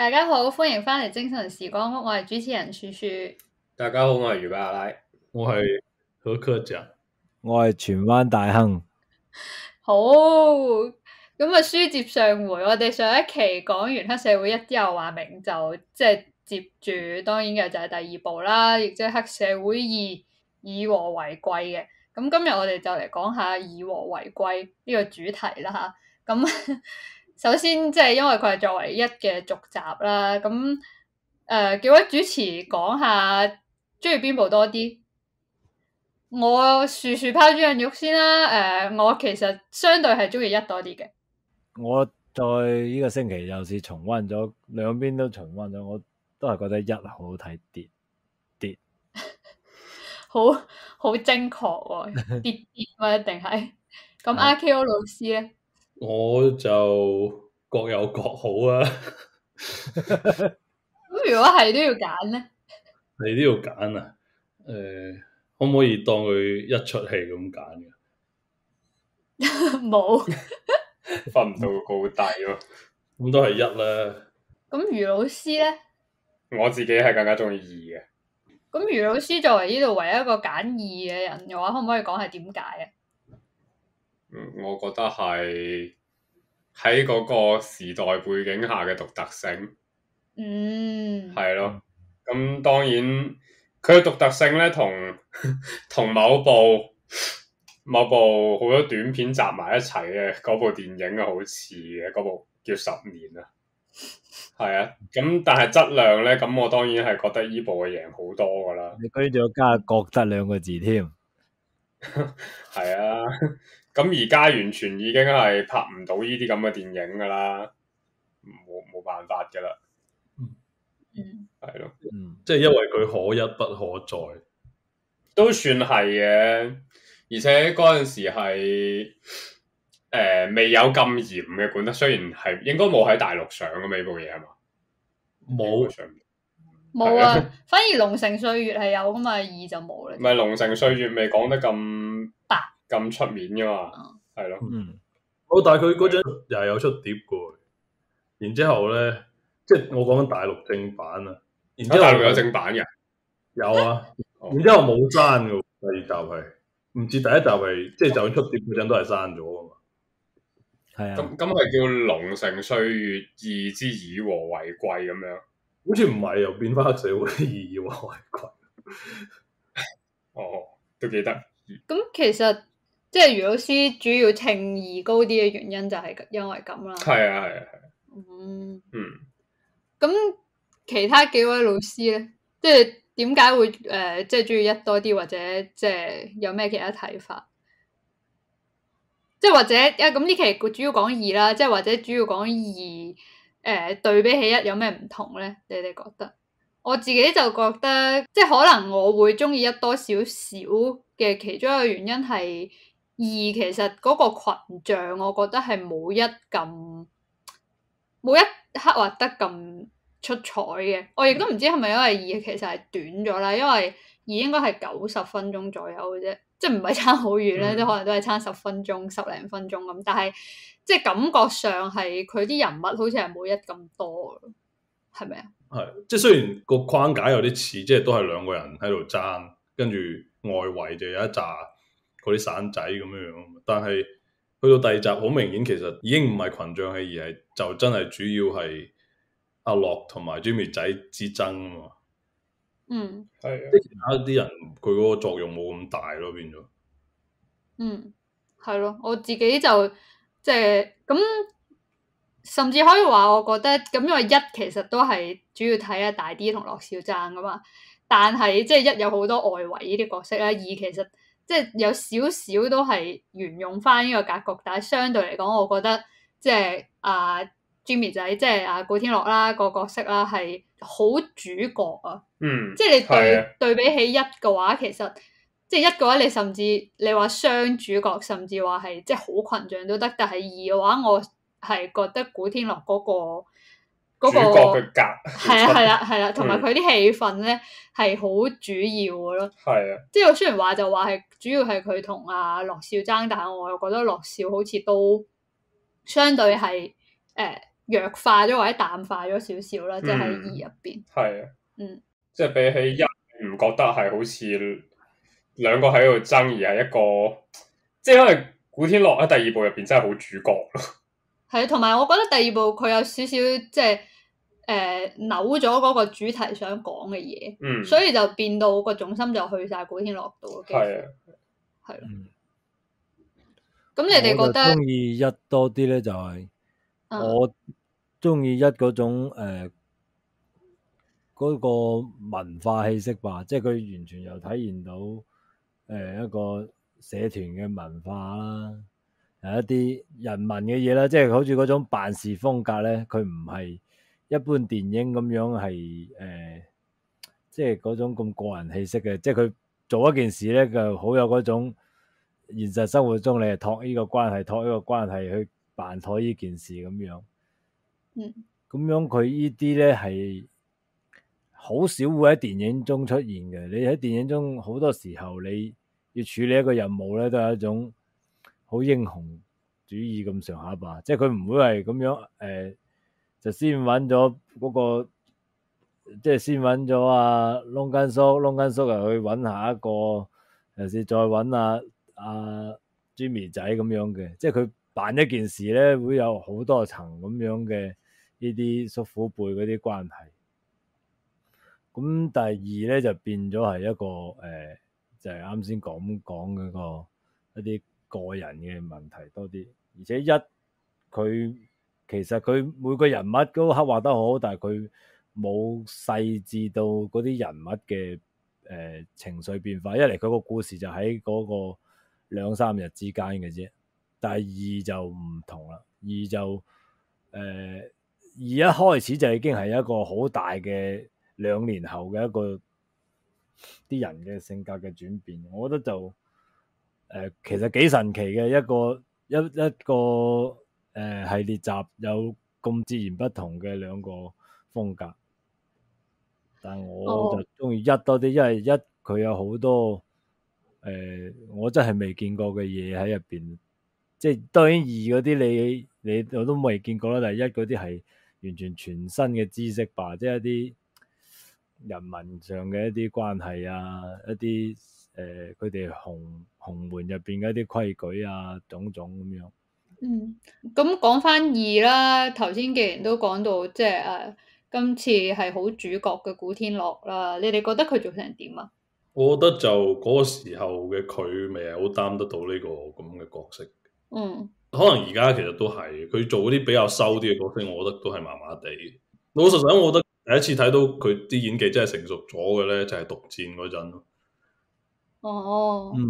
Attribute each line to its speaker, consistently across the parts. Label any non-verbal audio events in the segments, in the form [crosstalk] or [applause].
Speaker 1: 大家好，歡迎翻嚟精神時光屋，我係主持人舒舒。
Speaker 2: 大家好，
Speaker 3: 我係余伯阿奶，我係何科長，
Speaker 2: 我係荃
Speaker 1: 灣大亨。好，咁啊，書接上回，我哋上一期講完黑社會一之後又話明就即係接住，當然嘅就係第二部啦，亦即係黑社會二以和為貴嘅。咁今日我哋就嚟講下以和為貴呢、這個主題啦。咁。 [laughs] 首先，即係因為佢係作為一嘅續集啦，咁誒，幾、呃、位主持講下中意邊部多啲？我樹樹拋磚引玉先啦，誒、呃，我其實相對係中意一多啲嘅。
Speaker 2: 我在呢個星期又是重温咗兩邊都重温咗，我都係覺得一好睇、 [laughs] 啊，跌跌、
Speaker 1: 啊，好好精確喎，跌跌我一定係咁阿 Ko 老師咧？
Speaker 3: 我就各有各好啊 [laughs] ！
Speaker 1: 咁 [laughs] [laughs] 如果係都要揀咧，
Speaker 3: [laughs] 你都要揀啊！誒、哎，可唔可以當佢一出戲咁揀嘅？
Speaker 1: 冇
Speaker 3: 分唔到個高低咯、啊 [laughs] 嗯，
Speaker 4: 咁、嗯、都係一啦。
Speaker 1: 咁 [laughs] 余老師咧，
Speaker 4: 我自己係更加中意二嘅。
Speaker 1: 咁 [laughs] 余老師作為呢度唯一一個揀二嘅人嘅話，可唔可以講係點解啊？
Speaker 4: 我覺得係喺嗰個時代背景下嘅獨特性。嗯，係咯。咁當然，佢嘅獨特性咧，同同某部某部好多短片集埋一齊嘅嗰部電影啊，好似嘅嗰部叫《十年》啊。係啊，咁但係質量咧，咁我當然係覺得呢部嘅贏
Speaker 2: 好多噶啦。你居然仲要加覺得兩個字添？
Speaker 4: 係啊。 [laughs] 咁而家完全已經係拍唔到呢啲咁嘅電影㗎啦，冇冇辦法㗎啦。嗯嗯，係咯的，嗯，即係因為佢可一不可再，都算係嘅。而且嗰陣時係、呃、未有咁嚴嘅管得，雖然係應該冇喺大陸上嘅呢部嘢係嘛？冇沒上，
Speaker 1: 冇啊！的反而龍《龍城歲月》係有咁嘛，二就冇啦。
Speaker 4: 唔係《龍城歲月》未講得咁。咁
Speaker 3: 出面噶嘛，係咯，嗯，我、哦、但係佢嗰陣又係有出碟嘅，然之後咧，即、就、係、是、我講緊大陸正版啊，然之後大陸有正版嘅，有啊，哦、然之後冇刪嘅，第二集係，唔知第一集係，即係就，是、就出碟嗰陣都係刪咗噶嘛，係啊，咁咁係叫《龍城歲月》
Speaker 4: 二之以和為貴咁樣，好似唔係又變翻《黑社會二以和為貴》，哦，都記得，
Speaker 1: 咁其實。即係余老師主要稱二高啲嘅原因就係因為咁啦。
Speaker 4: 係啊係啊係。嗯、啊、嗯。
Speaker 1: 咁、嗯、其他幾位老師咧，即係點解會誒即係中意一多啲，或者即係有咩其他睇法？即、就、係、是、或者一咁呢期主要講二啦，即、就、係、是、或者主要講二誒對比起一有咩唔同咧？你哋覺得？我自己就覺得即係、就是、可能我會中意一多少少嘅其中一個原因係。二其實嗰個群像，我覺得係冇一咁冇一刻畫得咁出彩嘅。我亦都唔知係咪因為二其實係短咗啦，因為二應該係九十分鐘左右嘅啫，即係唔係差好遠咧？都、嗯、可能都係差十分鐘、十零分鐘咁。但係即係感覺上係佢啲人物好似係冇一咁多，係咪
Speaker 3: 啊？係，即係雖然個框架有啲似，即係都係兩個人喺度爭，跟住外圍就有一紮。嗰啲散仔咁樣樣，但係去到第二集，好明顯其實已經唔係群像戲，而係就真係主要係阿樂同埋 Jimmy 仔之爭啊嘛。嗯，係啊，啲其他啲人佢嗰個作用冇咁大咯，啊，變咗。嗯，
Speaker 1: 係咯，我自己就即係咁，甚至可以話我覺得咁，因為一其實都係主要睇阿大 D 同樂少爭啊嘛。但係即係一有好多外圍呢啲角色啦，二其實。即係有少少都係沿用翻呢個格局，但係相對嚟講，我覺得即係啊 Jimmy 仔，即係啊古天樂啦、個角色啦係好主角啊，嗯，
Speaker 5: 即係你對的
Speaker 1: 對比起一嘅話，其實即係一嘅話，你甚至你話雙主角，甚至話係即係好群像都得，但係二嘅話，我係覺得古天樂嗰個。嗰、那個嘅格係啊係啊係啊，同埋佢啲氣氛咧係好主要嘅咯。係啊，即係我雖然話就話係主要係佢同阿樂少爭，但係我又覺得樂少好似都相對係誒、呃、弱化咗或者淡化咗少少啦，即係喺二入邊。係啊，嗯，
Speaker 4: 即係比起一唔覺得係好似兩個喺度爭議，而係一個，即係因為古天樂喺第二部入邊真係好主角咯。
Speaker 1: 係 [laughs] 啊，同埋我覺得第二部佢有少少即係、就係。就係誒、呃、扭咗嗰個主題想講嘅嘢，嗯、所以就變到個重心就去晒古天樂度。嘅。係啊，係
Speaker 5: 咯、
Speaker 1: 呃。咁你哋覺得鍾意
Speaker 2: 一多啲咧？就係我鍾意一嗰種誒嗰個文化氣息吧，即係佢完全又體現到誒、呃、一個社團嘅文化啦，係一啲人民嘅嘢啦，即係好似嗰種辦事風格咧，佢唔係。一般電影咁樣係誒、呃，即係嗰種咁個人氣息嘅，即係佢做一件事咧，就好有嗰種現實生活中你係託呢個關係，託呢個關係去辦妥呢件事咁樣。
Speaker 5: 嗯，
Speaker 2: 咁樣佢依啲咧係好少會喺電影中出現嘅。你喺電影中好多時候你要處理一個任務咧，都係一種好英雄主義咁上下吧。即係佢唔會係咁樣誒。呃就先揾咗嗰個，即係先揾咗阿窿根叔，窿根叔又去揾下一個，又是再揾阿阿 Jimmy 仔咁樣嘅，即係佢辦一件事咧，會有好多層咁樣嘅呢啲叔父輩嗰啲關係。咁第二咧就變咗係一個誒、呃，就係啱先講講嗰個一啲個人嘅問題多啲，而且一佢。其實佢每個人物都刻畫得好，但係佢冇細緻到嗰啲人物嘅誒、呃、情緒變化。一嚟佢個故事，就喺嗰個兩三日之間嘅啫，但係二就唔同啦。二就誒二、呃、一開始就已經係一個好大嘅兩年後嘅一個啲人嘅性格嘅轉變，我覺得就誒、呃、其實幾神奇嘅一個一一個。一個一個誒，系列集有咁截然不同嘅兩個風格，但我就中意一多啲，因為一佢有好多誒、呃，我真係未見過嘅嘢喺入邊，即係當然二嗰啲你你我都未見過啦，但係一嗰啲係完全全新嘅知識吧，即係一啲人民上嘅一啲關係啊，一啲誒，佢、呃、哋紅紅門入邊嘅一啲規矩啊，種種咁樣。
Speaker 1: 嗯，咁講翻二啦，頭先既然都講到即係誒，今次係好主角嘅古天樂啦，你哋覺得佢做成點啊？
Speaker 3: 我覺得就嗰個時候嘅佢未係好擔得到呢個咁嘅角色。嗯，可能而家其實都係佢做嗰啲比較收啲嘅角色，我覺得都係麻麻地。老實講，我覺得第一次睇到佢啲演技真係成熟咗嘅咧，就係《毒戰》嗰陣咯。
Speaker 5: 哦。
Speaker 2: 嗯，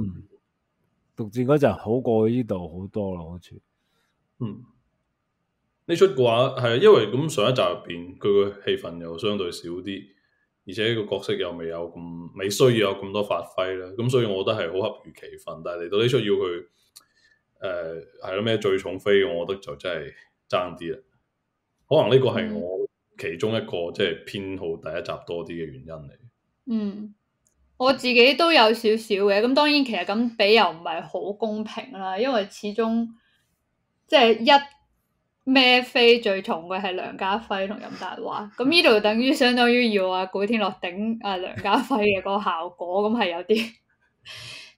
Speaker 2: 《毒戰》嗰陣好過呢度好多啦，好似。
Speaker 3: 嗯，呢出嘅話係，因為咁上一集入邊佢個氣氛又相對少啲，而且個角色又未有咁未需要有咁多發揮啦，咁所以我覺得係好恰如其分。但係嚟到呢出要佢誒係咯咩最重飛，我覺得就真係爭啲啦。可能呢個係我其中一個即係偏好第一集多啲嘅原因嚟。嗯，
Speaker 1: 我自己都有少少嘅。咁當然其實咁比又唔係好公平啦，因為始終。即係一咩飛最重嘅係梁家輝同任達華，咁呢度等於相當於要阿、啊、古天樂頂阿、啊、梁家輝嘅嗰個效果，咁係有啲，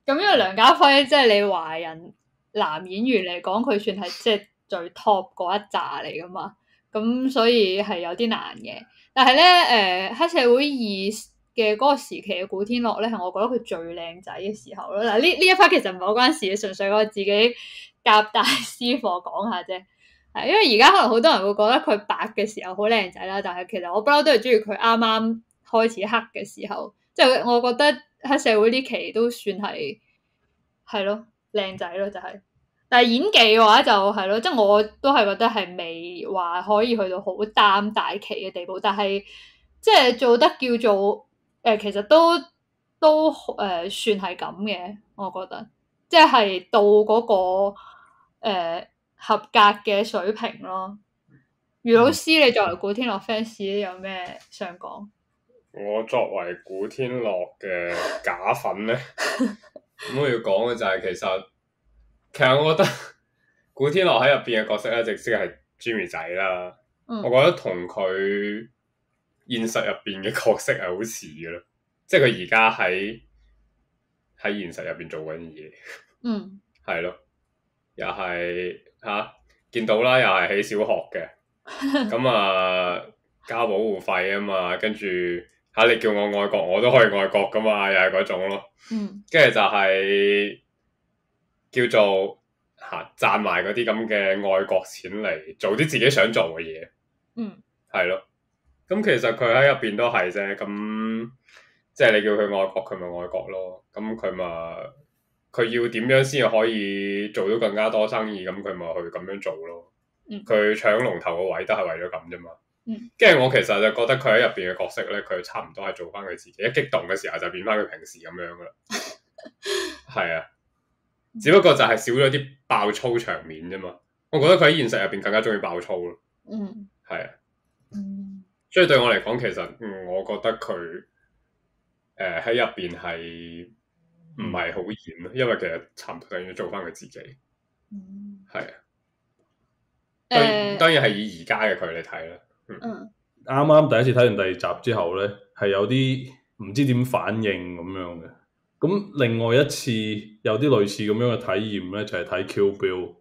Speaker 1: 咁因為梁家輝即係你華人男演員嚟講，佢算係即係最 top 嗰一紮嚟噶嘛，咁所以係有啲難嘅。但係咧，誒、呃、黑社會二嘅嗰個時期嘅古天樂咧，係我覺得佢最靚仔嘅時候咯。嗱呢呢一 part 其實唔係好關事嘅，純粹我自己。夾大師傅講下啫，係因為而家可能好多人會覺得佢白嘅時候好靚仔啦，但係其實我不嬲都係中意佢啱啱開始黑嘅時候，即係我覺得黑社會呢期都算係係咯靚仔咯，就係。但係演技嘅話就係咯，即係我都係覺得係未話可以去到好擔大旗嘅地步，但係即係做得叫做誒，其實都都誒算係咁嘅，我覺得，即係到嗰個。誒、呃、合格嘅水平咯，余老師，你作為古天樂 fans 有咩想講？
Speaker 4: 我作為古天樂嘅假粉咧，咁 [laughs] 我要講嘅就係、是、其實其實我覺得古天樂喺入邊嘅角色咧，直接係 Jimmy 仔啦。嗯、我覺得同佢現實入邊嘅角色係好似嘅咯，即係佢而家喺喺現實入邊做緊嘢。
Speaker 5: 嗯，
Speaker 4: 係咯。又係嚇，見到啦，又係起小學嘅，咁啊交保護費啊嘛，跟住嚇你叫我愛國，我都可以愛國噶嘛，又係嗰種咯。跟住就係，是，叫做嚇，啊，賺埋嗰啲咁嘅愛國錢嚟做啲自己想做嘅嘢，嗯。嗯，係咯。咁其實佢喺入邊都係啫，咁即係你叫佢愛國，佢咪愛國咯。咁佢咪。佢要點樣先可以做到更加多生意？咁佢咪去咁樣做咯。佢搶龍頭個位都，都係為咗咁啫嘛。跟住我其實就覺得佢喺入邊嘅角色咧，佢差唔多係做翻佢自己。一激動嘅時候就變翻佢平時咁樣噶啦。係啊，只不過就係少咗啲爆粗場面啫嘛。我覺得佢喺現實入邊更加中意爆粗咯。
Speaker 5: 嗯，係啊。
Speaker 4: 所以對我嚟講，其實我覺得佢誒喺入邊係。呃唔係好嚴咯，因為其實差唔多要做翻佢自己，
Speaker 3: 係啊，當然係以而家嘅距離嚟睇咯。啱啱、嗯、第一次睇完第二集之後咧，係有啲唔知點反應咁樣嘅。咁另外一次有啲類似咁樣嘅體驗咧，就係、是、睇《Kill Bill》。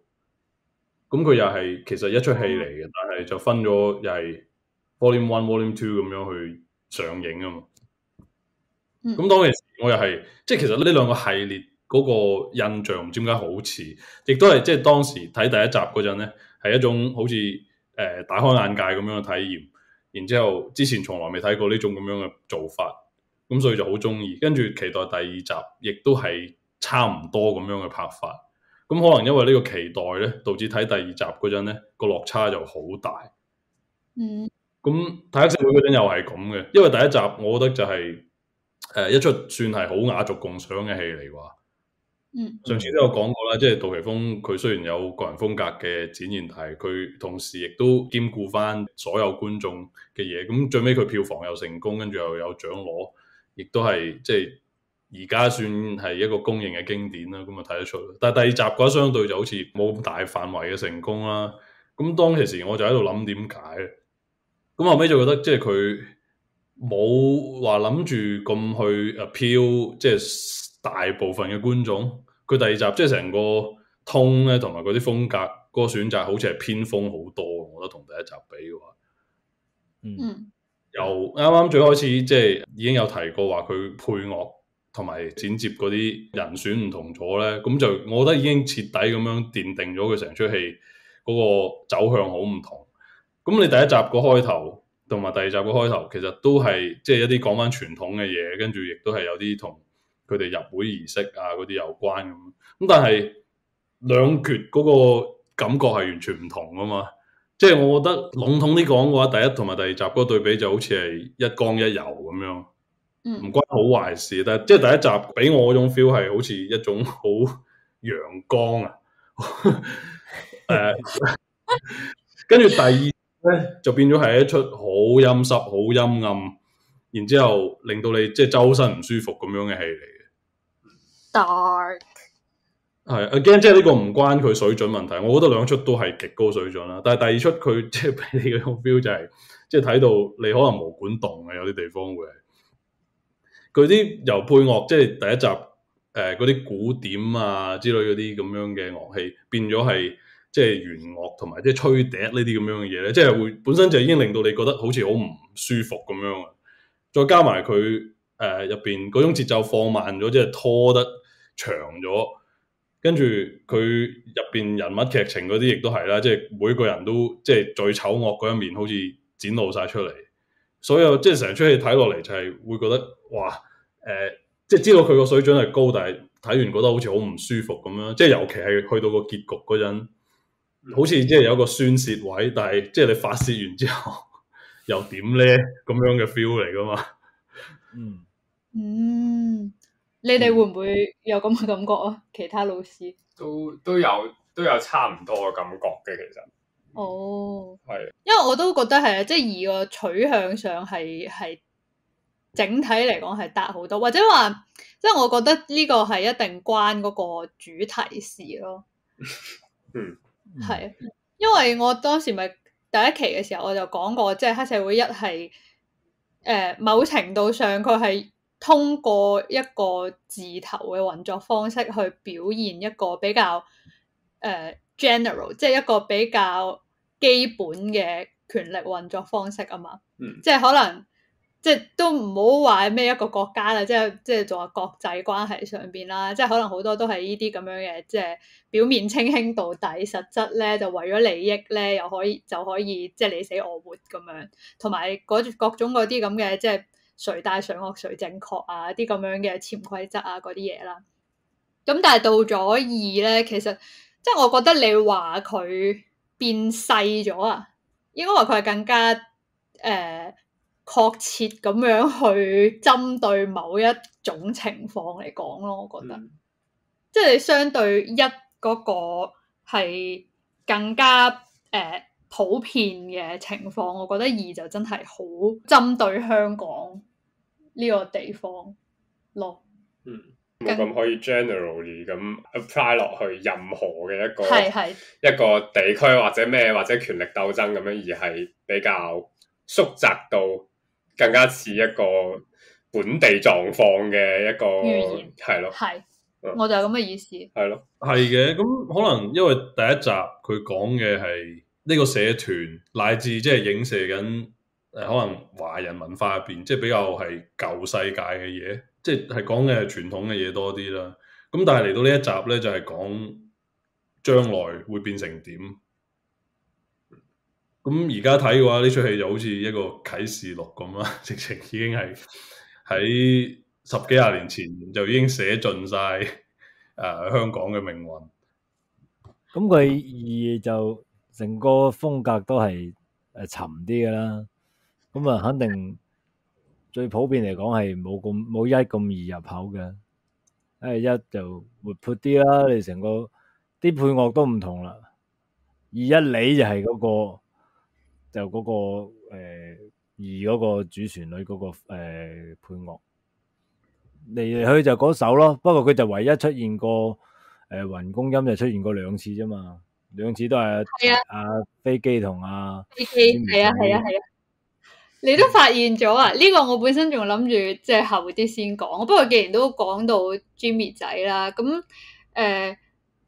Speaker 3: 咁佢又係其實一出戲嚟嘅，嗯、但係就分咗又係 Volume One、Volume Two 咁樣去上映啊嘛。咁、嗯、當然，我又係即係，其實呢兩個系列嗰個印象唔知點解好似，亦都係即係當時睇第一集嗰陣咧，係一種好似誒、呃、打開眼界咁樣嘅體驗。然之後之前從來未睇過呢種咁樣嘅做法，咁所以就好中意，跟住期待第二集，亦都係差唔多咁樣嘅拍法。咁可能因為呢個期待咧，導致睇第二集嗰陣咧個落差就好大。
Speaker 5: 嗯，
Speaker 3: 咁、嗯睇《黑社會》嗰陣又係咁嘅，因為第一集我覺得就係、是。誒，一出算係好雅俗共賞嘅戲嚟話，嗯，上次都有講過啦，即係杜琪峰佢雖然有個人風格嘅展現，但係佢同時亦都兼顧翻所有觀眾嘅嘢，咁最尾，佢票房又成功，跟住又有獎攞，亦都係即係而家算係一個公認嘅經典啦。咁啊睇得出，但係第二集嘅話相對就好似冇咁大範圍嘅成功啦。咁當其時我就喺度諗點解，咁後尾就覺得即係佢。就是冇話諗住咁去誒飄，即係大部分嘅觀眾，佢第二集即係成個通咧，同埋嗰啲風格嗰個選擇，好似係偏鋒好多。我覺得同第一集比嘅話，嗯，由啱啱最開始即係、就是、已經有提過話佢配樂同埋剪接嗰啲人選唔同咗咧，咁就我覺得已經徹底咁樣奠定咗佢成出戲嗰個走向好唔同。咁你第一集個開頭。同埋第二集嘅開頭，其實都係即係一啲講翻傳統嘅嘢，跟住亦都係有啲同佢哋入會儀式啊嗰啲有關咁。咁但係兩極嗰個感覺係完全唔同啊嘛！即係我覺得籠統啲講嘅話，第一同埋第二集嗰對比就好似係一剛一柔咁樣，
Speaker 5: 唔、嗯、關
Speaker 3: 好壞事。但係即係第一集俾我嗰種 feel 係好似一種好陽光啊！誒、 [laughs] 呃， [laughs] [laughs] 跟住第二咧就變咗係一出好陰濕、好陰暗，然之後令到你即係周身唔舒服咁樣嘅戲嚟
Speaker 5: 嘅。Dark
Speaker 3: 係 again，即係呢個唔關佢水準問題。我覺得兩出都係極高水準啦。但係第二出佢即係俾你嗰種 feel，就係、是、即係睇到你可能毛管戙嘅有啲地方會。佢啲由配樂即係第一集誒嗰啲古典啊之類嗰啲咁樣嘅樂器變咗係。即係弦樂同埋即係吹笛呢啲咁樣嘅嘢咧，即係會本身就已經令到你覺得好似好唔舒服咁樣。再加埋佢誒入邊嗰種節奏放慢咗，即係拖得長咗，跟住佢入邊人物劇情嗰啲亦都係啦，即係每個人都即係最醜惡嗰一面，好似展露晒出嚟。所以即係成出戲睇落嚟就係會覺得哇，誒、呃，即係知道佢個水準係高，但係睇完覺得好似好唔舒服咁樣。即係尤其係去到個結局嗰陣。好似即係有一個宣洩位，但係即係你發洩完之後又點咧咁樣嘅 feel 嚟噶嘛？嗯嗯，
Speaker 1: 你哋會唔會有咁嘅感覺啊？其他老師都都
Speaker 4: 有都有差唔多嘅感覺嘅，其實哦，
Speaker 1: 係的，
Speaker 4: 因為我
Speaker 1: 都覺得係啊，即係而個取向上係係整體嚟講係得好多，或者話即係我覺得呢個係一定關嗰個主題事咯，嗯。係，啊，因為我當時咪第一期嘅時候，我就講過，即係黑社會一係，誒，某程度上佢係通過一個字頭嘅運作方式去表現一個比較誒 general，即係一個比較基本嘅權力運作方式啊嘛，即係、嗯、可能。即係都唔好話咩一個國家啦，即係即係做啊國際關係上邊啦，即係可能好多都係呢啲咁樣嘅，即係表面清輕到底，實質咧就為咗利益咧又可以就可以即係你死我活咁樣，同埋各種嗰啲咁嘅即係誰大誰惡誰正確啊啲咁樣嘅潛規則啊嗰啲嘢啦。咁但係到咗二咧，其實即係我覺得你話佢變細咗啊，應該話佢係更加誒。呃確切咁樣去針對某一種情況嚟講咯，我覺得，嗯、即係你相對一嗰個係更加誒、呃、普遍嘅情況，我覺得二就真係好針對香港呢個地方囉。
Speaker 4: 咯嗯，咁、嗯、可以 generally 咁 apply 落去任何嘅一個係係、嗯、一個地區或者咩或者權力鬥爭咁樣，而係比較縮窄到。更加似一個本地狀況
Speaker 3: 嘅一個語言，係咯，係，
Speaker 4: 我
Speaker 1: 就係咁嘅意思。係咯，
Speaker 3: 係嘅。咁可能因為第一集佢講嘅係呢個社團，乃至即係影射緊誒可能華人文化入邊，即係比較係舊世界嘅嘢，即係講嘅係傳統嘅嘢多啲啦。咁但係嚟到呢一集咧，就係講將來會變成點。咁而家睇嘅話，呢出戲就好似一個啟示錄咁啦，直情已經係喺十幾廿年前就已經寫盡晒誒香港嘅命運。
Speaker 2: 咁佢二就成個風格都係誒沉啲㗎啦，咁啊肯定最普遍嚟講係冇咁冇一咁易入口嘅。誒一就活潑啲啦，你成個啲配樂都唔同啦。二一你就係嗰、嗰個。就嗰、那個誒、呃、二嗰個主旋律嗰個誒、呃、配樂嚟嚟去就嗰首咯，不過佢就唯一出現過誒，雲、呃、公音就出現過兩次啫嘛，兩次都係阿阿飛機同啊，飛機，係啊係啊係啊，
Speaker 1: 啊啊你都發現咗啊？呢、這個我本身仲諗住即係後啲先講，不過既然都講到 Jimmy 仔啦，咁誒、呃，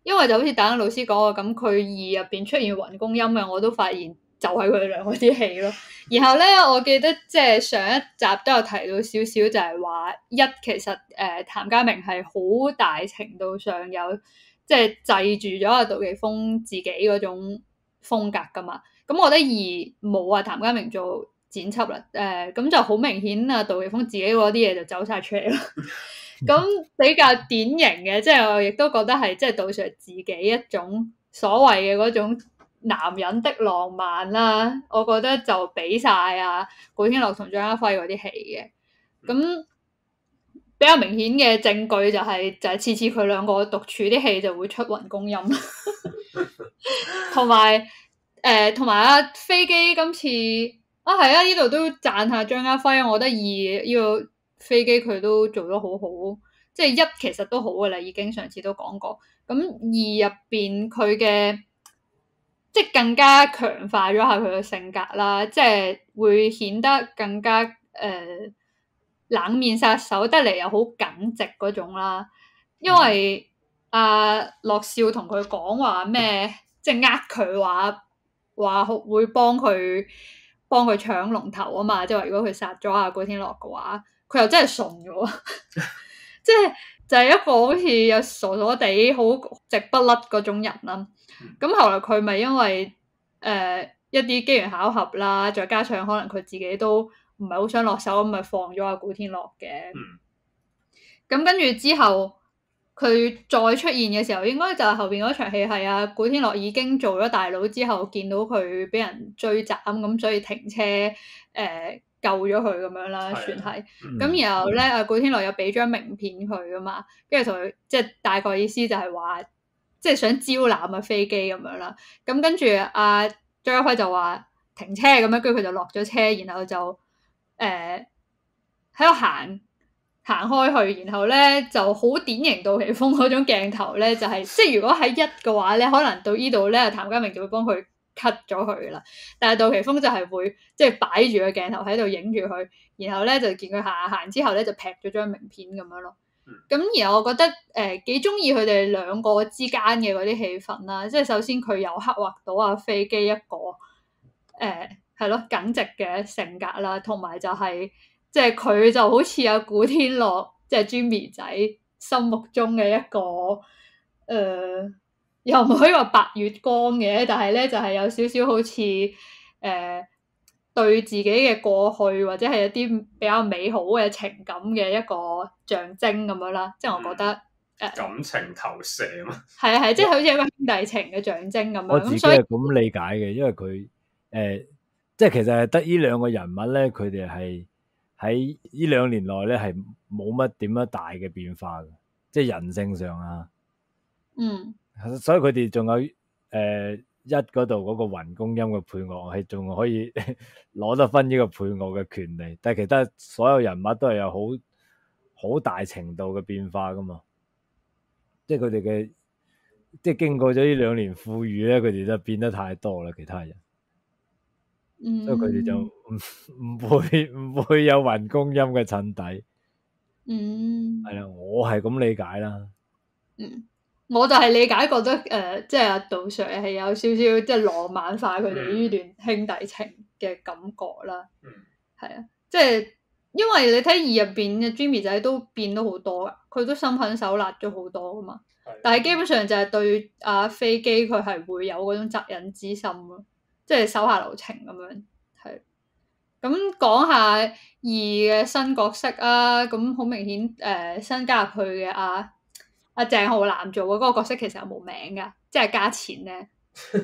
Speaker 1: 因為就好似等老師講嘅咁，佢二入邊出現雲公音嘅，我都發現。就係佢哋兩個啲戲咯，然後咧，我記得即係上一集都有提到少少，就係話一其實誒，譚、呃、家明係好大程度上有即係制住咗阿杜琪峰自己嗰種風格噶嘛。咁我覺得二冇啊，譚家明做剪輯啦，誒、呃、咁就好明顯啊，杜琪峰自己嗰啲嘢就走晒出嚟咯。咁 [laughs] [laughs] 比較典型嘅，即係我亦都覺得係即係杜 Sir 自己一種所謂嘅嗰種。男人的浪漫啦，啊，我覺得就俾晒啊古天樂同張家輝嗰啲戲嘅。咁比較明顯嘅證據就係、是、就係、是、次次佢兩個獨處啲戲就會出雲公音，同埋誒同埋啊飛機今次啊係啊呢度都讚下張家輝，我覺得二呢，這個飛機佢都做得好好，即、就、係、是、一其實都好嘅啦，已經上次都講過，咁二入邊佢嘅，即係更加強化咗下佢嘅性格啦，即係會顯得更加誒、呃、冷面殺手得嚟又好耿直嗰種啦。因為阿樂、啊、少同佢講話咩，即係呃佢話話會幫佢幫佢搶龍頭啊嘛。即係話如果佢殺咗阿古天樂嘅話，佢又真係順咗， [laughs] [laughs] 即係。就係一個好似有傻傻地、好直不甩嗰種人啦。咁後來佢咪因為誒、呃、一啲機緣巧合啦，再加上可能佢自己都唔係好想落手，咁咪放咗阿古天樂嘅。咁跟住之後，佢再出現嘅時候，應該就係後邊嗰場戲係阿、啊、古天樂已經做咗大佬之後，見到佢俾人追斬，咁所以停車誒。呃救咗佢咁樣啦，算係。咁、嗯、然後咧，阿、嗯啊、古天樂有俾張名片佢噶嘛，跟住同佢即係大概意思就係話，即係想招攬個飛機咁樣啦。咁、嗯、跟住阿張家輝就話停車咁樣，跟住佢就落咗車，然後就誒喺度行行開去，然後咧就好典型杜琪峰嗰種鏡頭咧，就係、是、 [laughs] 即係如果喺一嘅話咧，可能到呢度咧，譚家明就會幫佢。cut 咗佢啦，但係杜琪峰就係會即係擺住個鏡頭喺度影住佢，然後咧就見佢行行之後咧就劈咗張名片咁樣咯。咁、嗯、而我覺得誒幾中意佢哋兩個之間嘅嗰啲氣氛啦，即係首先佢有刻畫到啊、飛機一個誒係、呃、咯耿直嘅性格啦，同埋就係、是、即係佢就好似阿古天樂即係、就是、Jimmy 仔心目中嘅一個誒。呃又唔可以話白月光嘅，但係咧就係、是、有少少好似誒、呃，對自己嘅過去或者係一啲比較美好嘅情感嘅一個象徵咁樣啦。即係我覺得
Speaker 4: 誒，嗯呃、感情投射啊，
Speaker 1: 係啊係，即係、就是、好似一個兄弟情嘅象徵咁樣。我自己係
Speaker 2: 咁理解嘅，因為佢誒、呃，即係其實係得呢兩個人物咧，佢哋係喺呢兩年內咧係冇乜點樣大嘅變化嘅，即係人性上啊，嗯。所以佢哋仲有誒、呃、一嗰度嗰個雲公音嘅配樂係仲可以攞 [laughs] 得分呢個配樂嘅權利，但係其他所有人物都係有好好大程度嘅變化噶嘛，即係佢哋嘅即係經過咗呢兩年富裕咧，佢哋都係變得太多啦，其他人，
Speaker 5: 所以佢哋就
Speaker 2: 唔唔、嗯、 [laughs] 會唔會有雲公音嘅襯底。
Speaker 1: 嗯，
Speaker 2: 係啦，我係咁理解啦，嗯。
Speaker 1: 我就係理解覺得，誒、呃，即係阿杜 Sir 係有少少即係浪漫化佢哋呢段兄弟情嘅感覺啦。係、嗯、啊，即、就、係、是、因為你睇二入邊嘅 Jimmy 仔都變咗好多，佢都心狠手辣咗好多噶嘛。啊、但係基本上就係對阿、啊、飛機佢係會有嗰種責任之心咯，即、就、係、是、手下留情咁樣。係、啊。咁講下二嘅新角色啊，咁好明顯誒、呃，新加入去嘅阿、啊。阿鄭浩南做嘅嗰、那個角色其實有冇名噶？即係價錢咧
Speaker 2: [laughs] 姐？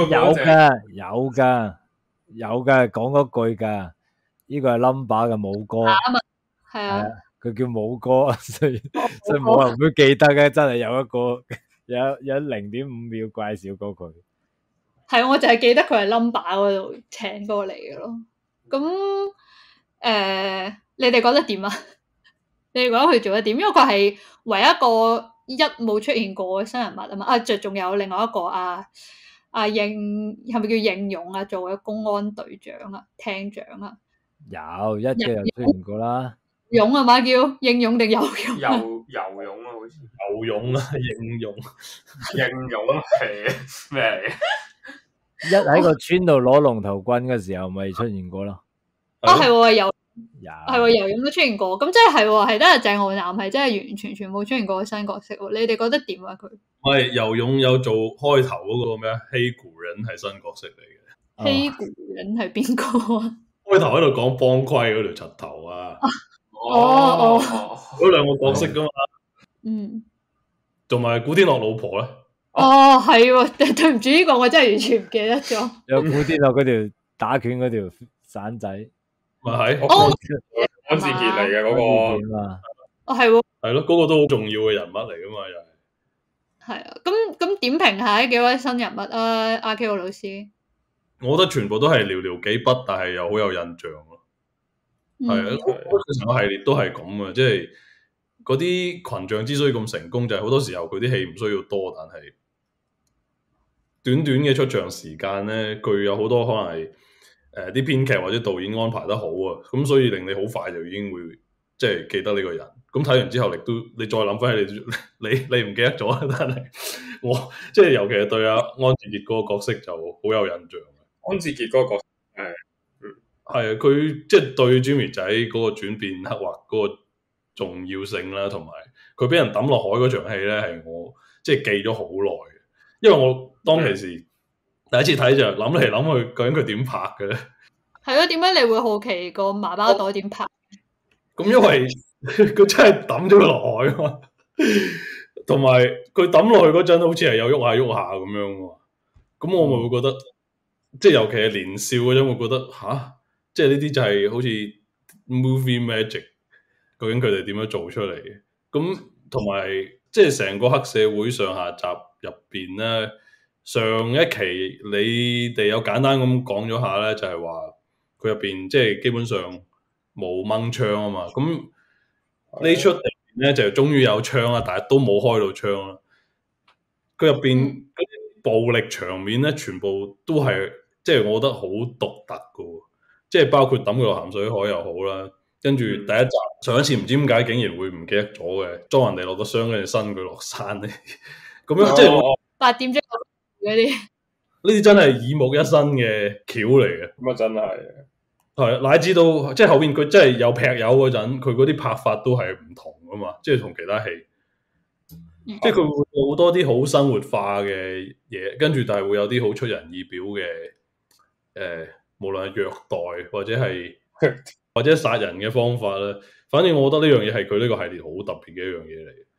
Speaker 2: 有噶，有噶，有噶，講嗰句噶。呢個係 number 嘅舞哥，係
Speaker 1: [laughs] 啊，
Speaker 2: 佢、啊、叫舞哥，所以 [laughs] 哥所以冇人會記得嘅。真係有一個有有零點五秒怪少過佢。
Speaker 1: 係、啊、我就係記得佢係 number 嗰度請過嚟嘅咯。咁誒、呃，你哋覺得點啊？你哋覺得佢做得點？因為佢係唯一一個一冇出現過嘅新人物啊嘛。啊，仲仲有另外一個啊啊應係咪叫應勇啊？做咗公安隊長啊、廳長啊。
Speaker 2: 有一又出現過啦。
Speaker 1: 勇啊嘛叫應勇定游勇？
Speaker 2: 游游勇啊，好似游勇啊，應勇，應勇
Speaker 4: 係咩嚟？一喺個
Speaker 2: 村度攞龍頭棍嘅時候，咪出現過咯。
Speaker 1: 啊係，我係游。有係喎，游勇都出現過，咁即係係，係都係鄭浩南，係真係完完全全冇出現過新角色。你哋覺得點啊？佢，
Speaker 3: 我係，游勇有做開頭嗰個咩啊？希古人係新角色嚟嘅，希
Speaker 1: 古人係邊個啊？
Speaker 3: 開頭喺度講幫規嗰條柒頭啊！
Speaker 1: 哦哦，
Speaker 3: 嗰
Speaker 2: 兩個角色噶嘛？嗯，同埋古天樂老婆咧？
Speaker 1: 哦，係喎，對唔住呢個，我真係完全唔記得咗。
Speaker 2: [laughs] 有古天樂嗰條打拳嗰條散仔。咪係，我自杰嚟嘅嗰個，
Speaker 1: 哦係喎，
Speaker 3: 係咯，嗰個都好重要嘅人物嚟噶嘛，又係，係啊，
Speaker 1: 咁咁點評下呢幾位新人物啊，阿 Q 老師，
Speaker 3: 我覺得全部都係寥寥幾筆，但係又好有印象咯，係啊，成個系列都係咁嘅，即係嗰啲群像之所以咁成功，就係好多時候佢啲戲唔需要多，但係短短嘅出場時間咧，佢有好多可能係。誒，啲編劇或者導演安排得好啊，咁所以令你好快就已經會即係記得呢個人。咁睇完之後，你都你再諗翻起你你你唔記得咗，但係我即係尤其係對阿安志杰嗰個角色就好有印象。安志杰嗰個角色，係、嗯、啊，佢即係對 Jimmy 仔嗰個轉變刻畫嗰個重要性啦，同埋佢俾人抌落海嗰場戲咧，係我即係記咗好耐嘅，因為我當其時、嗯。第一次睇，就諗嚟諗去，究竟佢點拍嘅咧？
Speaker 1: 係咯，點解你會好奇個麻包袋點拍？
Speaker 3: 咁因為佢真係抌咗佢落海啊嘛！同埋佢抌落去嗰陣，好似係有喐下喐下咁樣啊！咁我咪會覺得，即係尤其係年少嗰陣，我覺得吓，即係呢啲就係好似 movie magic，究竟佢哋點樣做出嚟嘅？咁同埋即係成個黑社會上下集入邊咧，上一期你哋有簡單咁講咗下咧，就係話佢入邊即係基本上冇掹槍啊嘛。咁呢出戲咧就終於有槍啊，但係都冇開到槍啊。佢入邊暴力場面咧，全部都係即係我覺得好獨特嘅，即係包括抌佢落個鹹水海又好啦。跟住第一集上一次唔知點解竟然會唔記得咗嘅，裝人哋落個箱跟住伸佢落山咧，咁 [laughs] 樣即係、哦就是、
Speaker 1: 八點鐘。呢啲
Speaker 3: 呢啲真係耳目一新嘅橋嚟嘅，咁啊真係係，乃至到即係後邊佢真係有劈友嗰陣，佢嗰啲拍法都係唔同噶嘛，即係同其他戲，
Speaker 5: 嗯、即係佢
Speaker 3: 會好多啲好生活化嘅嘢，跟住但係會有啲好出人意表嘅，誒、呃，無論係虐待或者係 [laughs] 或者殺人嘅方法啦，反正我覺得呢樣嘢係佢呢個系列好特別嘅一樣嘢嚟。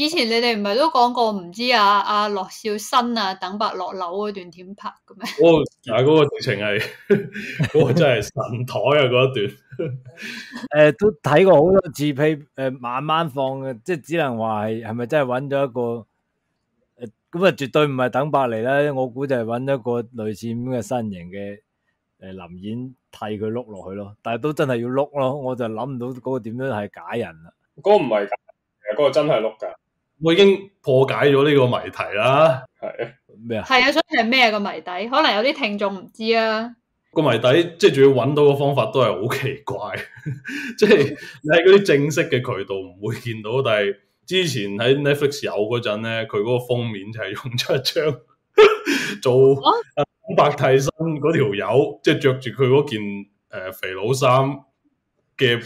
Speaker 1: 以前你哋唔係都講過唔知啊？阿、啊、樂少新啊，等白落樓嗰段點拍嘅咩？
Speaker 3: 哦，嗱，嗰個劇情係，
Speaker 2: 嗰個真係神台啊！嗰一段誒、 [laughs] 呃、都睇過好多次誒，慢慢放嘅，即係只能話係係咪真係揾咗一個誒？咁、呃、啊，絕對唔係等白嚟啦。我估就係揾咗個類似咁嘅身形嘅誒林演替佢碌落去咯。但係都真係要碌咯，我就諗唔到嗰個點樣係假人啦。嗰個唔係，其實嗰個真係碌㗎。
Speaker 3: 我已經破解咗呢個謎題啦，係咩啊？係
Speaker 1: 啊，所以係咩、嗰個謎底？可能有啲聽眾唔知啊。
Speaker 3: 個謎底即係仲要揾到個方法都係好奇怪，即 [laughs] 係你喺嗰啲正式嘅渠道唔會見到，但係之前喺 Netflix 有嗰陣咧，佢嗰個封面就係用出一張 [laughs] 做、哦、白替身嗰條友，即係着住佢嗰件誒、呃、肥佬衫嘅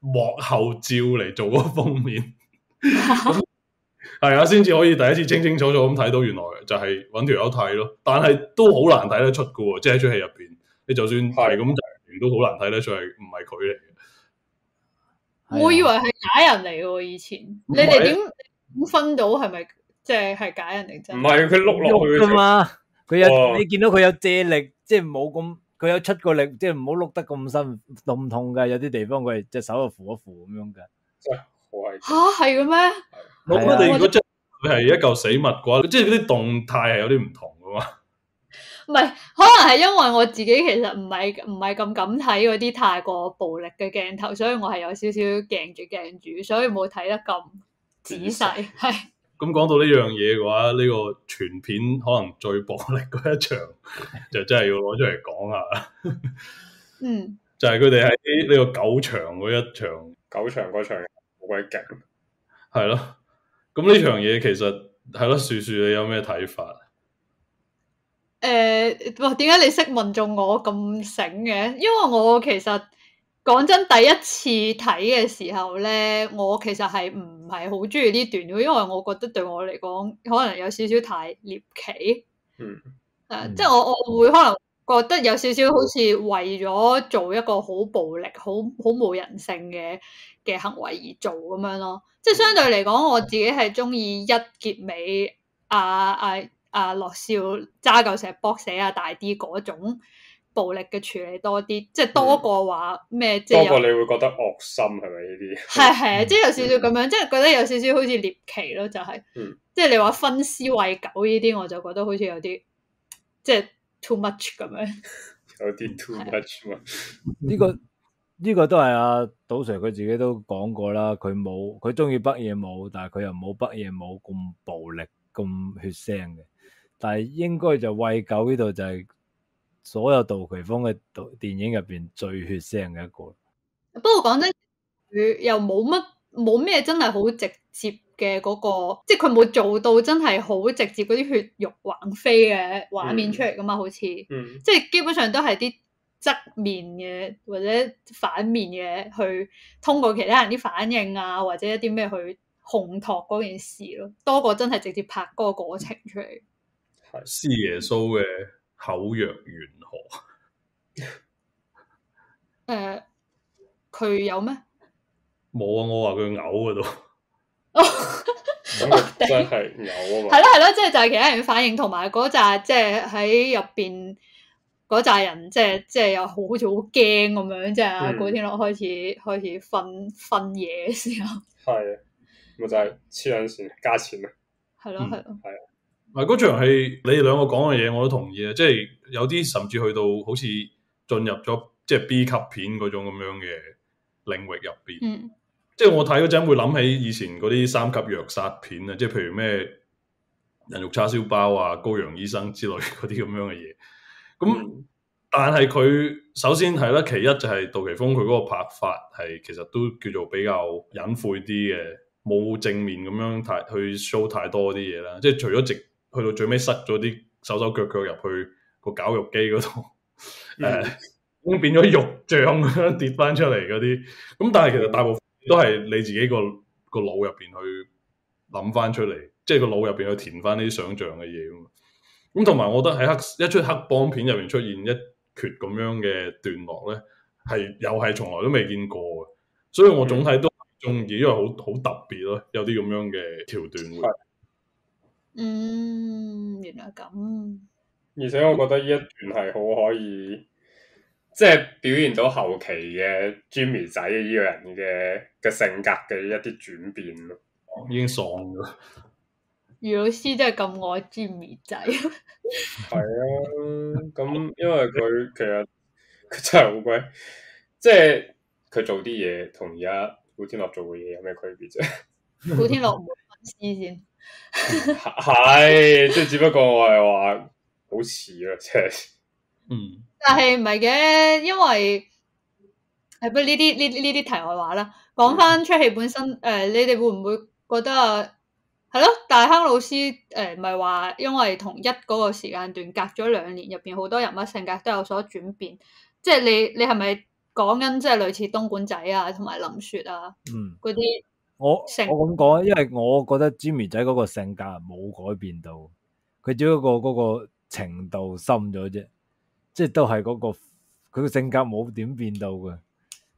Speaker 3: 幕後照嚟做嗰個封面。 [laughs] [laughs] 係啊，先至可以第一次清清楚楚咁睇到，原來就係揾條友睇咯。但係都好難睇得出噶，即係喺出戲入邊，你就算係咁，都好難睇得出係唔係佢嚟嘅。啊、
Speaker 1: 我以為係假人嚟嘅，以前是你哋點點分到係咪即係係假人嚟？
Speaker 2: 唔係佢碌落去噶嘛？佢、嗯啊、有你見到佢有借力，即係冇咁佢有出個力，即係唔好碌得咁深，咁痛嘅。有啲地方佢係隻手就扶一扶咁樣嘅，
Speaker 1: 真係好危係嘅咩？ [noise] 我覺得你如果
Speaker 2: 真
Speaker 3: 係一嚿死物嘅話，即係嗰啲動態係有啲唔同嘅
Speaker 1: 嘛。唔係，可能係因為我自己其實唔係唔係咁敢睇嗰啲太過暴力嘅鏡頭，所以我係有少少鏡住鏡住，所以冇睇得咁仔細。係、
Speaker 3: 嗯。咁講是到呢樣嘢嘅話，呢、呢個全片可能最暴力嗰一場，就真係要攞出嚟講下。嗯
Speaker 5: [laughs]
Speaker 3: 就係佢哋喺呢個狗場嗰一場，狗場嗰場好鬼勁，係咯。咁呢場嘢其實係咯，樹樹你有咩睇法？誒、
Speaker 1: 呃，哇！點解你識問中我咁醒嘅？因為我其實講真，第一次睇嘅時候咧，我其實係唔係好中意呢段，因為我覺得對我嚟講，可能有少少太獵奇。嗯。誒、啊，嗯、即係我我會可能。覺得有少少好似為咗做一個好暴力、好好冇人性嘅嘅行為而做咁樣咯，即係相對嚟講，我自己係中意一結尾阿阿阿樂少揸嚿石博死啊大啲嗰種暴力嘅處理多啲，即係多過話咩？即係多過你
Speaker 4: 會覺得惡心係咪呢啲？係係啊，即係有少少
Speaker 1: 咁樣，即係覺得有少少好似獵奇咯，就係，即係你話分屍喂狗呢啲，我就覺得好似有啲即係。too much 咁樣，
Speaker 4: [laughs] 有啲 too much 嘛 [laughs] 、
Speaker 2: 這個？呢個呢個都係阿杜 Sir 佢自己都講過啦，佢冇佢中意北野武，但係佢又冇北野武咁暴力咁血腥嘅。但係應該就喂狗呢度就係所有杜琪峰嘅電影入邊最血腥嘅一個。
Speaker 1: 不過講真，佢又冇乜冇咩真係好直接。嘅嗰、嗰個，即係佢冇做到真係好直接嗰啲血肉橫飛嘅畫面出嚟噶嘛？好似，即係基本上都係啲側面嘅或者反面嘅，去通過其他人啲反應啊，或者一啲咩去烘托嗰件事咯，多過真係直接拍嗰個過程出嚟。
Speaker 3: 係、嗯、師耶穌嘅口若懸河。
Speaker 1: 誒、 [laughs] 呃，佢有咩？
Speaker 3: 冇啊！我話佢嘔嗰度。 [laughs] 哦，真係有啊嘛！係咯係
Speaker 1: 咯，即係就係、是、其他人嘅反應，同埋嗰扎即係喺入邊嗰扎人，即係即係又好似好驚咁樣，即係阿古天樂開始開始瞓瞓嘢嘅時候。
Speaker 4: 係，咪就係黐撚線加錢啊！
Speaker 1: 係咯係咯，係啊！
Speaker 3: 嗱、嗯，嗰場戲你哋兩個講嘅嘢我都同意啊！即、就、係、是、有啲甚至去到好似進入咗即係 B 級片嗰種咁樣嘅領域入邊。嗯。即係我睇嗰陣會諗起以前嗰啲三級虐殺片啊，即係譬如咩人肉叉燒包啊、羔羊醫生之類嗰啲咁樣嘅嘢。咁但係佢首先係咧，其一就係杜琪峰佢嗰個拍法係其實都叫做比較隱晦啲嘅，冇正面咁樣太去 show 太多啲嘢啦。即係除咗直去到最尾塞咗啲手手腳腳入去個絞、嗯、 [laughs] 了肉機嗰度，誒，變咗肉醬跌翻出嚟嗰啲。咁但係其實大部分。都係你自己個個腦入邊去諗翻出嚟，即係個腦入邊去填翻呢啲想象嘅嘢咁。咁同埋，我覺得喺一出黑幫片入面出現一決咁樣嘅段落咧，係又係從來都未見過嘅。所以我總體都中意，因為好好特別咯，有啲咁樣嘅橋段會。
Speaker 1: 嗯，原來咁。
Speaker 3: 而且我覺得呢一段係好可以。
Speaker 4: 即係表現到後期嘅 Jimmy 仔呢個人嘅嘅性格嘅一啲轉變咯，已經爽咗。
Speaker 1: 余老師真係咁愛 Jimmy 仔。
Speaker 4: 係 [laughs] 啊，咁因為佢其實佢真係好鬼，即係佢做啲嘢同而家古天樂做嘅嘢有咩區別啫？
Speaker 1: 古天樂唔會反思先，
Speaker 4: 係即係只不過我係話好似啊，即係嗯。
Speaker 1: 但係唔係嘅，因為誒不呢啲呢呢啲題外話啦，講翻出戲本身誒、呃，你哋會唔會覺得係咯、嗯？大亨老師誒，唔係、呃、話因為同一嗰個時間段隔咗兩年，入邊好多人物性格都有所轉變，即係你你係咪講緊即係類似東莞仔啊，同埋林雪啊，
Speaker 2: 嗯，嗰啲我我咁講，因為我覺得 Jimmy 仔嗰個性格冇改變到，佢只不過、嗰個、嗰個程度深咗啫。即係都係嗰個佢個性格冇點變到嘅，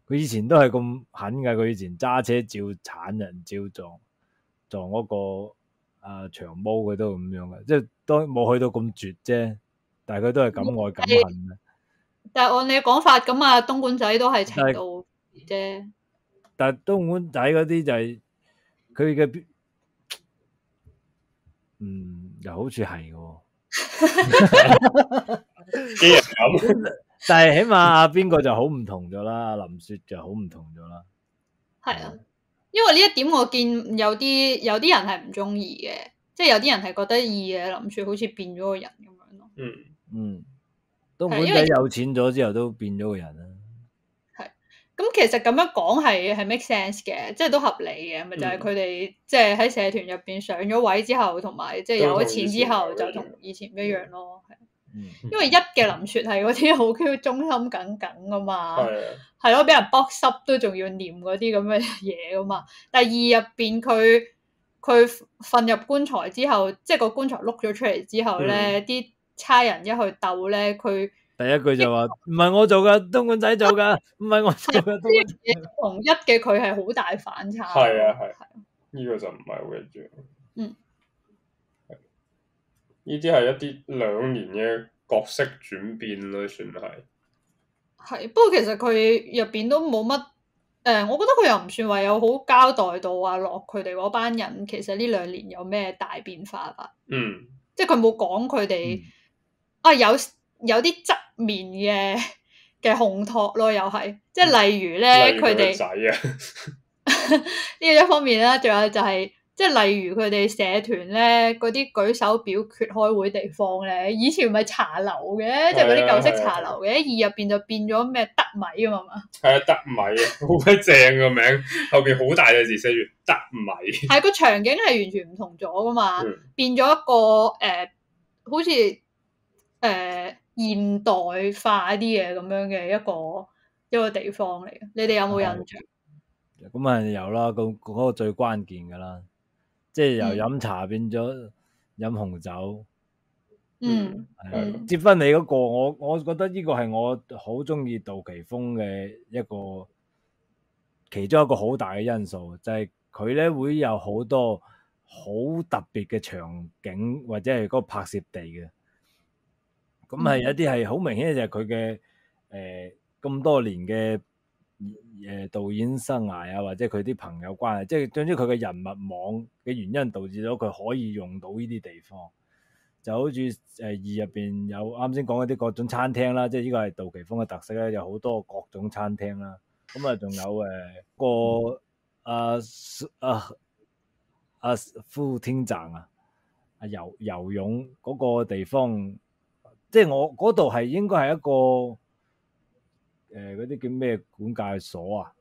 Speaker 2: 佢以前都係咁狠噶，佢以前揸車照鏟人，照撞撞嗰個啊長毛，佢都咁樣嘅，即係都冇去到咁絕啫。但係佢都係敢愛敢恨嘅。
Speaker 1: 但係按你講法咁啊，東莞仔都係程度啫。
Speaker 2: 但係東莞仔嗰啲就係佢嘅，嗯，又好似係喎。 [laughs] [laughs] 咁， [laughs] 但係起碼邊個就好唔同咗啦，林雪就好唔同咗啦。係
Speaker 1: 啊，吧因為呢一點我見有啲有啲人係唔中意嘅，即係有啲人係覺得二嘅林雪好似變咗個人咁
Speaker 2: 樣咯。嗯嗯，都因為有錢咗之後都變咗個人啦。
Speaker 1: 係、啊，咁其實咁樣講係係 make sense 嘅，即係都合理嘅，咪就係佢哋即係喺社團入邊上咗位之後，同埋即係有咗錢之後就同以前唔一樣咯。嗯嗯因為一嘅林雪係嗰啲好 Q 忠心耿耿噶嘛，係咯、啊，俾人 box 濕都仲要念嗰啲咁嘅嘢噶嘛。第二入邊佢佢瞓入棺材之後，即係個棺材碌咗出嚟之後咧，啲差人一去鬥咧，佢
Speaker 2: 第一句話就話唔係我做噶，東莞仔做噶，唔係 [laughs] 我做
Speaker 1: 噶。同一嘅佢係好大反差，
Speaker 2: 係啊係，呢、啊這個就唔係好一樣。嗯。
Speaker 4: 呢啲係一啲兩年嘅角色轉變咯，算係。
Speaker 1: 係，不過其實佢入邊都冇乜，誒、呃，我覺得佢又唔算話有好交代到話落佢哋嗰班人其實呢兩年有咩大變化啊。 [laughs] 嗯。即係佢冇講佢哋，啊有有啲側面嘅嘅烘托咯，又係，即係例如咧，佢哋仔啊，呢 [laughs] 個 [laughs] 一方面啦，仲有就係、是。即係例如佢哋社團咧，嗰啲舉手表決開會地方咧，以前咪茶樓嘅，即係嗰啲舊式茶樓嘅，而入邊就變咗咩德米啊嘛，
Speaker 4: 係啊，德米啊，好鬼正個名， [laughs] 後邊好大嘅字寫住德米，係
Speaker 1: 個場景係完全唔同咗噶嘛，mm. 變咗一個誒、呃，好似誒、呃、現代化啲嘢咁樣嘅一個一個，一個地方嚟嘅，你哋有冇印象？
Speaker 2: 咁啊有啦，咁、那、嗰個最關鍵噶啦。即係由飲茶變咗飲紅酒，
Speaker 5: 嗯，係
Speaker 2: 接返你嗰個，我我覺得呢個係我好中意杜琪峰嘅一個其中一個好大嘅因素，就係佢咧會有好多好特別嘅場景或者係嗰個拍攝地嘅，咁係有啲係好明顯就係佢嘅誒咁多年嘅。誒，導演生涯啊，或者佢啲朋友關係，即係總之佢嘅人物網嘅原因，導致咗佢可以用到呢啲地方。就好似誒、呃、二入邊有啱先講一啲各種餐廳啦、啊，即係呢個係杜琪峰嘅特色咧、啊，有好多各種餐廳啦。咁啊，仲、嗯、有誒個誒誒誒富天站啊，啊、uh, 游、uh, uh, uh, uh, 游泳嗰個地方，即係我嗰度係應該係一個。誒，嗰啲、呃，叫咩管界所啊？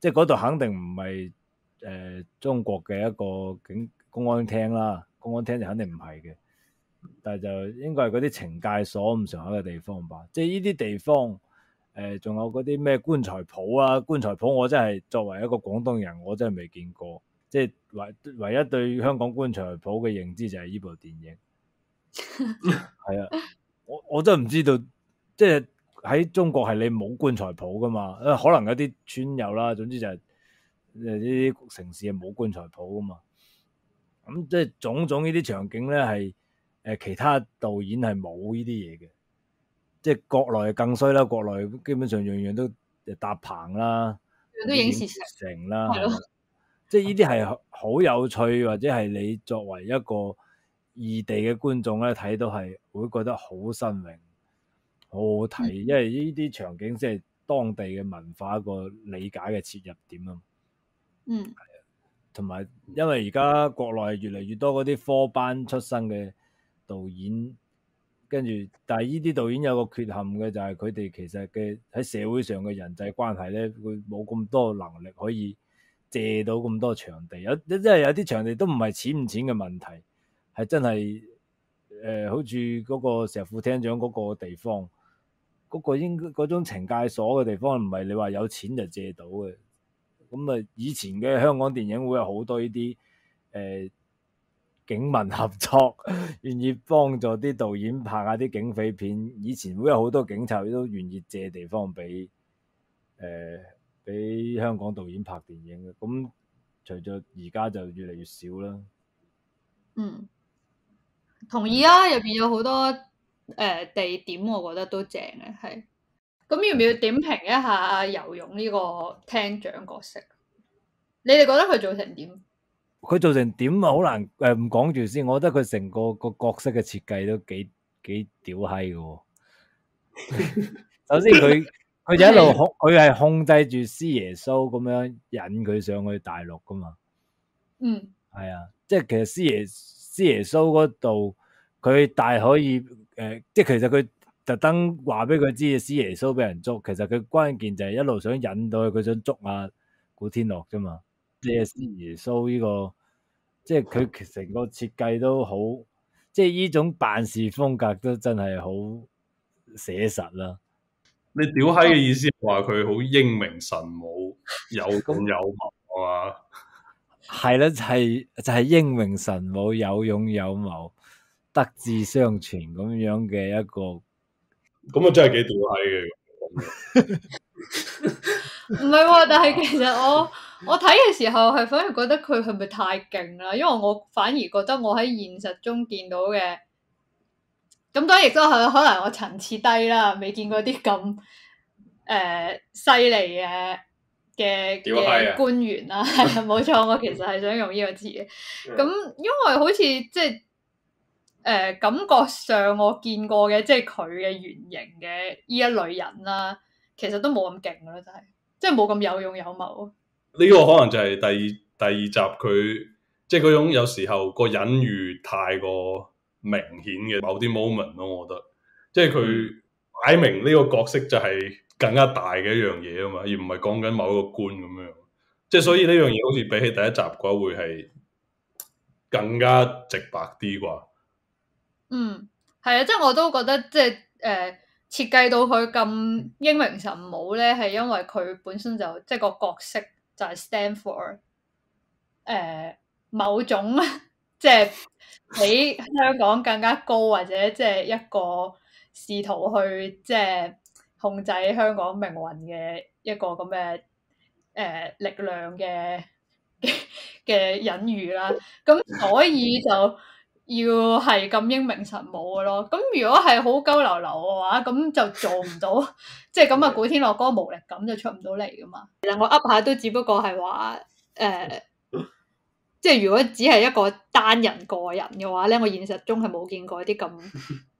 Speaker 2: 即係嗰度肯定唔係誒中國嘅一個警公安廳啦，公安廳就肯定唔係嘅。但係就應該係嗰啲懲戒所咁上下嘅地方吧。即係呢啲地方，誒、呃，仲有嗰啲咩棺材鋪啊？棺材鋪我真係作為一個廣東人，我真係未見過。即係唯唯一對香港棺材鋪嘅認知就係呢部電影。係 [laughs] 啊，我我真係唔知道，即係。喺中國係你冇棺材鋪噶嘛？可能有啲村有啦，總之就係呢啲城市係冇棺材鋪噶嘛。咁即係種種呢啲場景咧，係誒其他導演係冇呢啲嘢嘅。即、就、係、是、國內更衰啦，國內基本上樣樣都搭棚啦，都影視、嗯、
Speaker 5: 城
Speaker 6: 啦。
Speaker 2: 即係呢啲係好有趣，或者係你作為一個異地嘅觀眾咧睇到係會覺得好新穎。好好睇，因為呢啲場景即係當地嘅文化一個理解嘅切入點啊。嗯，
Speaker 5: 係啊，
Speaker 2: 同埋因為而家國內越嚟越多嗰啲科班出身嘅導演，跟住但係呢啲導演有個缺陷嘅就係佢哋其實嘅喺社會上嘅人際關係咧，佢冇咁多能力可以借到咁多場地。有即係、就是、有啲場地都唔係錢唔錢嘅問題，係真係誒、呃，好似嗰個石副廳長嗰個地方。不過應該嗰種懲戒所嘅地方，唔係你話有錢就借到嘅。咁啊，以前嘅香港電影會有好多呢啲誒警民合作，願意幫助啲導演拍下啲警匪片。以前會有好多警察都願意借地方俾誒俾香港導演拍電影嘅。咁除咗而家就越嚟越少啦。嗯，
Speaker 1: 同意啊，入邊有好多。誒、呃，地點我覺得都正嘅、啊，係咁要唔要點評一下游泳呢個廳長角色？你哋覺得佢做成點？
Speaker 2: 佢做成點啊？好難誒，唔講住先。我覺得佢成個個角色嘅設計都幾幾屌閪嘅。 [laughs] 首先，佢佢 [laughs] 就一路控，佢係控制住師耶穌咁樣引佢上去大陸噶嘛。嗯，係啊，即係其實師耶師耶穌嗰度。佢大可以誒、呃，即係其實佢特登話俾佢知，施耶穌俾人捉，其實佢關鍵就係一路想引到佢，想捉阿、啊、古天樂啫嘛。借施耶穌呢、這個，即係佢成個設計都好，即係呢種辦事風格都真係好寫實啦、啊。你屌閪嘅意思話佢好
Speaker 3: 英明神武，有勇有謀啊？
Speaker 2: 係啦，係就係英明神武，有勇有謀。德智雙全咁樣嘅一個，咁啊真係幾屌閪嘅。
Speaker 1: 唔係喎，但係其實我我睇嘅時候係反而覺得佢係咪太勁啦？因為我反而覺得我喺現實中見到嘅，咁當然亦都係可能我層次低啦，未見過啲咁誒犀利嘅嘅嘅官員啦。冇 [laughs] 錯，我其實係想用呢個詞嘅。咁因為好似即係。誒、uh, 感覺上我見過嘅，即係佢嘅原型嘅依一類人啦、啊，其實都冇咁勁咯，就係即係冇咁有勇有謀。
Speaker 3: 呢個可能就係第二第二集佢即係嗰種有時候個隱喻太過明顯嘅某啲 moment 咯，我覺得即係佢擺明呢個角色就係更加大嘅一樣嘢啊嘛，而唔係講緊某一個官咁樣。即係所以呢樣嘢好似比起第一集嘅話，會係更加直白啲啩。
Speaker 1: 嗯，係啊，即係我都覺得，即係誒、呃，設計到佢咁英明神武咧，係因為佢本身就即係、個角色就係 stand for 誒、呃、某種，即係比香港更加高或者即係一個試圖去即係控制香港命運嘅一個咁嘅誒力量嘅嘅 [laughs] 隱喻啦。咁所以就。要係咁英明神武嘅咯，咁如果係好鳩流流嘅話，咁就做唔到，即係咁啊古天樂嗰個無力感就出唔到嚟噶嘛。其實我噏下都只不過係話，誒，即係如果只係一個單人個人嘅話咧，我現實中係冇見過啲咁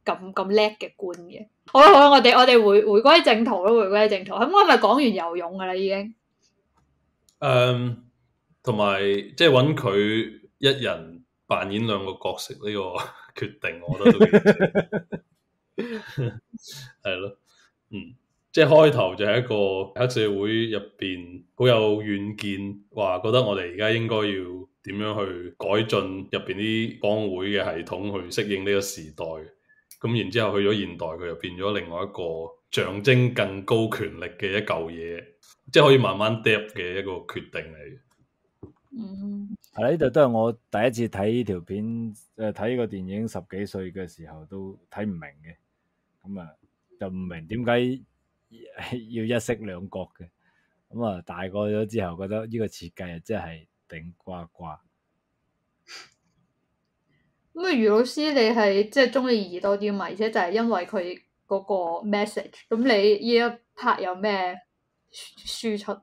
Speaker 1: 咁咁叻嘅官嘅。好啦好啦，我哋我哋回回歸正途咯，回歸正途。咁我係咪講完游泳噶啦已經？
Speaker 3: 嗯，同埋即係搵佢一人。扮演兩個角色呢個決定，我覺得都係咯， [laughs] 嗯，即係開頭就係一個黑社會入邊好有遠見，話覺得我哋而家應該要點樣去改進入邊啲幫會嘅系統，去適應呢個時代。咁然之後去咗現代，佢又變咗另外一個象徵更高權力嘅一嚿嘢，即係可以慢慢 drop 嘅一個決定嚟。嗯。
Speaker 2: 係呢度都係我第一次睇呢條片，誒睇呢個電影十幾歲嘅時候都睇唔明嘅，咁、嗯、啊就唔明點解要一式兩角嘅，咁、嗯、啊、嗯、大個咗之後覺得呢個設計啊真係頂呱呱。咁
Speaker 1: 啊，余老師你係即係鍾意二多啲嘛？而且就係因為佢嗰個 message，咁你呢一拍有咩輸出？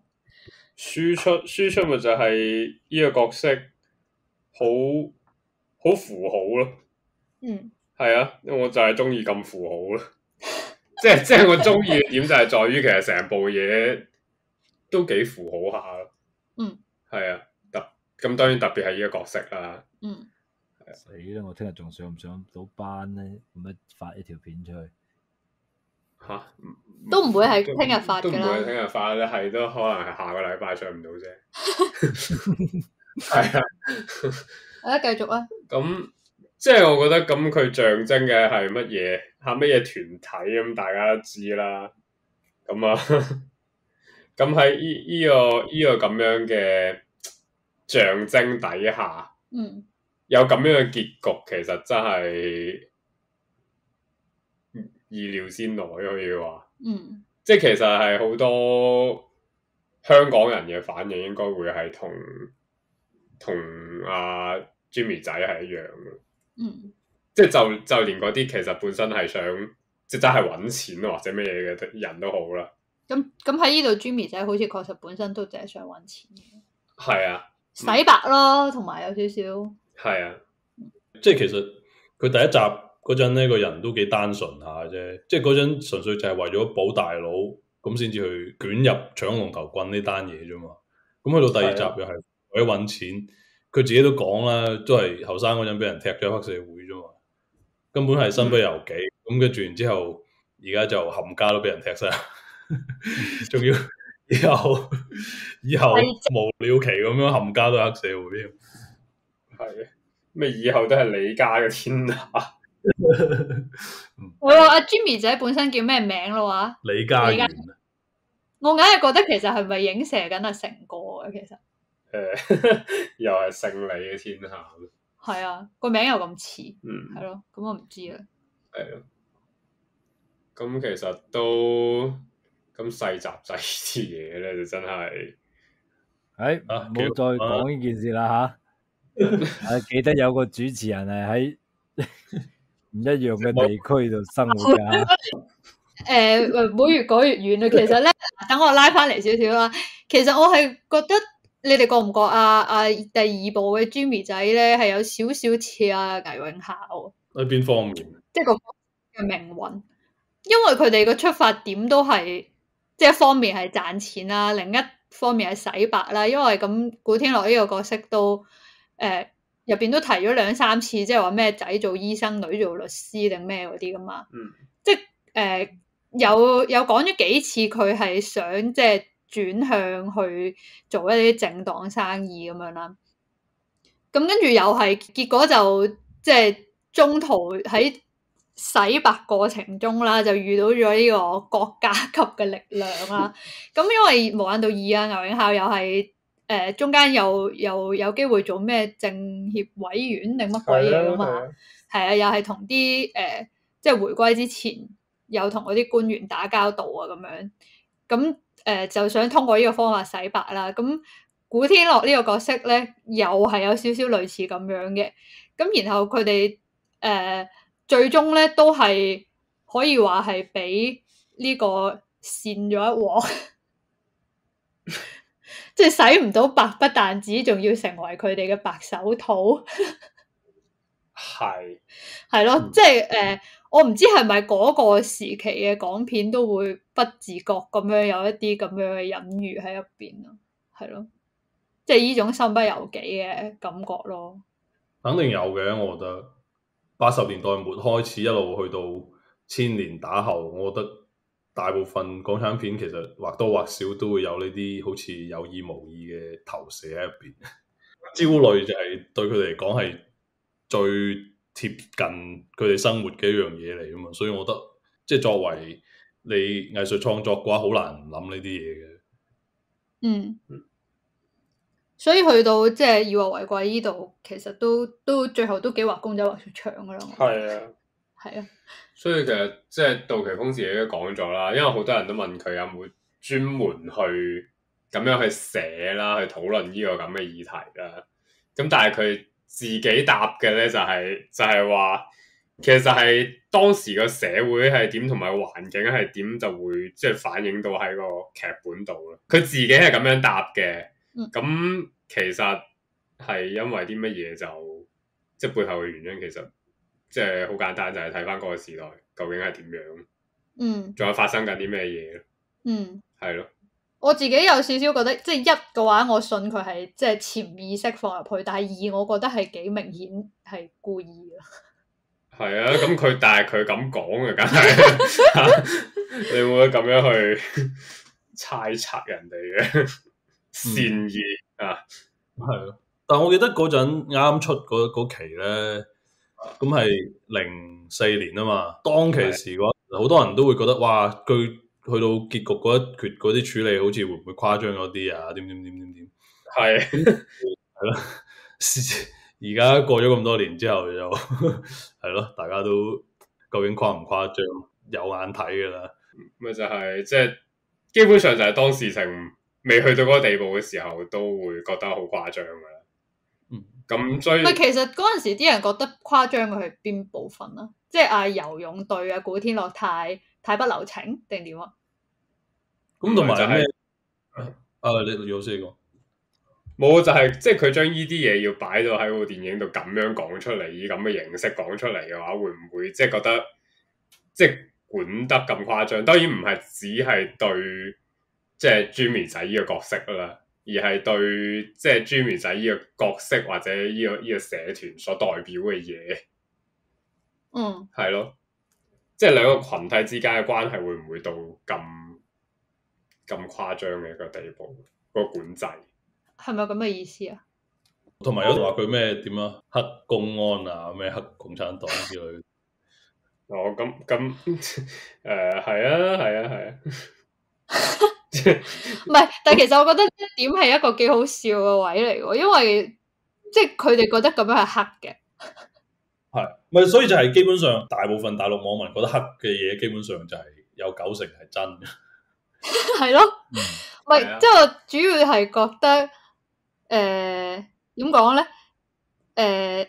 Speaker 4: 輸出輸出咪就係呢個角色，好好符號咯。嗯。係啊，因為我就係中意咁符號咯。即係即係我中意嘅點就係在於其實成部嘢都幾符號下。嗯。係啊，特
Speaker 2: 咁當然特別係呢個角色啦。嗯。係啊，死啦！我聽日仲上唔上到班咧？咁樣發一條片出去。吓，啊、都唔會係聽日發噶都唔會係聽日
Speaker 4: 發咧，係都可能係下個禮拜上唔到啫。
Speaker 1: 係啊，我哋繼續啊。
Speaker 4: 咁即係我覺得咁，佢象徵嘅係乜嘢？係乜嘢團體咁？大家都知啦。咁啊，咁喺呢個呢個咁樣嘅象徵底下，嗯，有咁樣嘅結局，其實真係。意料先來可以話，嗯、即係其實係好多香港人嘅反應，應該，應該會係同同阿 Jimmy 仔係一樣嘅。嗯，即係就就連嗰啲其實本身係想即真係揾錢或者咩嘢嘅人都好啦。
Speaker 1: 咁咁喺呢度，Jimmy 仔好似確實本身都淨係想揾錢嘅。係啊，洗白咯，同埋、嗯、有，有少少。
Speaker 3: 係啊，即係其實佢第一集。嗰陣呢個人都幾單純下啫，即係嗰陣純粹就係為咗保大佬咁先至去捲入搶龍頭棍呢單嘢啫嘛。咁去到第二集又係的為咗揾錢，佢自己都講啦，都係後生嗰陣俾人踢咗黑社會啫嘛，根本係身不由己。咁跟住然之後，而家就冚家都俾人踢晒，仲 [laughs] 要以後，以後，以後無了期咁樣冚家都
Speaker 4: 黑社會添。係咩？以後都係你家嘅天下，啊。 [laughs]
Speaker 1: 我有阿 Jimmy 仔本身叫咩名咯、啊？話
Speaker 4: 李嘉欣。
Speaker 1: Tai, 我硬係覺得其實係咪影射緊阿成哥嘅？其實
Speaker 4: 誒，又係姓李嘅天下咯。
Speaker 1: 係啊，個名又咁似，嗯，係咯，咁我唔知啊。係
Speaker 4: 咯，咁其實都咁細集仔似嘢咧，就真係，誒、
Speaker 2: um 哎，唔好再講呢件事啦吓。誒，記得有個主持人係喺。唔一樣嘅地區就生活嘅、啊、吓，誒
Speaker 1: [laughs] 呃，唔好越改越遠啦。其實咧，等我拉翻嚟少少啦。其實我係覺得，你哋覺唔覺啊？啊，第二部嘅 Jimmy 仔咧，係有少少似啊。倪永孝。
Speaker 3: 喺邊方
Speaker 1: 面？即係個命運，因為佢哋嘅出發點都係，即、就、係、是、一方面係賺錢啦、啊，另一方面係洗白啦、啊。因為咁，古天樂呢個角色都誒。呃入邊都提咗兩三次，即係話咩仔做醫生，女做律師定咩嗰啲噶嘛。嗯、即係誒、呃，有有講咗幾次佢係想即係轉向去做一啲正當生意咁樣啦。咁跟住又係結果就即係中途喺洗白過程中啦，就遇到咗呢個國家級嘅力量啦。咁 [laughs] 因為無間道二啊，牛永孝又係。誒中間又又有機會做咩政協委員定乜鬼嘢啊嘛？係啊，又係同啲誒，即係回歸之前又同嗰啲官員打交道啊咁樣。咁誒、呃、就想通過呢個方法洗白啦。咁古天樂呢個角色咧，又係有少少類似咁樣嘅。咁然後佢哋誒最終咧都係可以話係俾呢個騙咗一鑊。 [laughs] 即係洗唔到白不單止，仲要成為佢哋嘅白手套，
Speaker 5: 係
Speaker 1: 係咯，即係誒、呃，我唔知係咪嗰個時期嘅港片都會不自覺咁樣有一啲咁樣嘅隱喻喺入邊咯，係咯，即係呢種身不由己嘅感覺咯，
Speaker 3: 肯定有嘅，我覺得八十年代末開始，一路去到千年打後，我覺得。大部分港產片其實或多或少都會有呢啲好似有意無意嘅投射喺入邊，焦 [laughs] 慮就係對佢哋嚟講係最貼近佢哋生活嘅一樣嘢，嚟㗎嘛，所以我覺得即係作為你藝術創作嘅話，好難諗呢啲嘢嘅。嗯。嗯。
Speaker 1: 所以去到即係、就是、以和為貴呢度，其實都都最後都幾畫公仔畫出腸噶啦。
Speaker 3: 係啊。
Speaker 4: 係啊，所以其實即係杜琪峰自己都講咗啦，因為好多人都問佢有冇專門去咁樣去寫啦，去討論呢個咁嘅議題啦。咁但係佢自己答嘅咧就係就係話，其實係當時個社會係點同埋環境係點就會即係反映到喺個劇本度啦。佢自己係咁樣答嘅，咁、嗯、其實係因為啲乜嘢就即係、就是、背後嘅原因其實。即係好簡單，就係睇翻嗰個時代究竟係點樣，嗯，
Speaker 1: 仲
Speaker 4: 有發生緊啲咩嘢，嗯，係咯的，
Speaker 1: 我自己有少少覺得，即係一嘅話，我信佢係即係潛意識放入去，但係二，我覺得係幾明顯係故意嘅，
Speaker 4: 係啊， [laughs] 咁佢但係佢咁講嘅，梗係， [laughs] [laughs] [laughs] 你冇得咁樣去猜測人哋嘅善意、嗯、啊，
Speaker 3: 係咯，但我記得嗰陣啱出嗰期咧。咁係零四年啊嘛，當其時嘅話，好多人都會覺得哇，佢去到結局嗰一決啲處理好似會唔會誇張咗啲啊？點點點點點，係係咯，而家過咗咁多年之後就，就係咯，大家都究竟誇唔誇張？有眼睇噶啦，咪就係即係，
Speaker 4: 基本上就係當事情未去到嗰個地步嘅時候，都會覺得好誇張噶啦。咁追？唔，其
Speaker 1: 實嗰陣時啲人覺得誇張嘅係邊部分啦？即係阿、啊、游泳隊啊，古天樂太太不留情定點啊？
Speaker 3: 咁同埋就係誒，你有四個冇就係即係佢
Speaker 4: 將依啲嘢要擺到喺個電影度咁樣講出嚟，依咁嘅形式講出嚟嘅話，會唔會即係、就是、覺得即係、就是、管得咁誇張？當然唔係只係對即係 Jimmy 仔依個角色啦。而係對即係 Jimmy 仔呢個角色或者呢個呢個社團所代表嘅嘢，嗯，係咯，即係兩個群體之間嘅關係會唔會到咁
Speaker 3: 咁誇張嘅一個地步？個管制
Speaker 1: 係咪有咁嘅意思啊？
Speaker 3: 同埋有度話佢咩點啊？黑公安啊咩黑共產黨之類。 [laughs] 哦，
Speaker 4: 咁咁誒係啊
Speaker 3: 係啊係啊！
Speaker 1: 唔係， [laughs] 但係其實我覺得呢一點係一個幾好笑嘅位嚟，因為即係佢哋覺得咁樣係黑嘅，
Speaker 3: 係， [laughs] 咪所以就係基本上大部分大陸網民覺得黑嘅嘢，基本上就係有九成係真嘅，
Speaker 1: 係 [laughs] 咯，咪即係我主要係覺得，誒、呃，點講咧？誒、呃，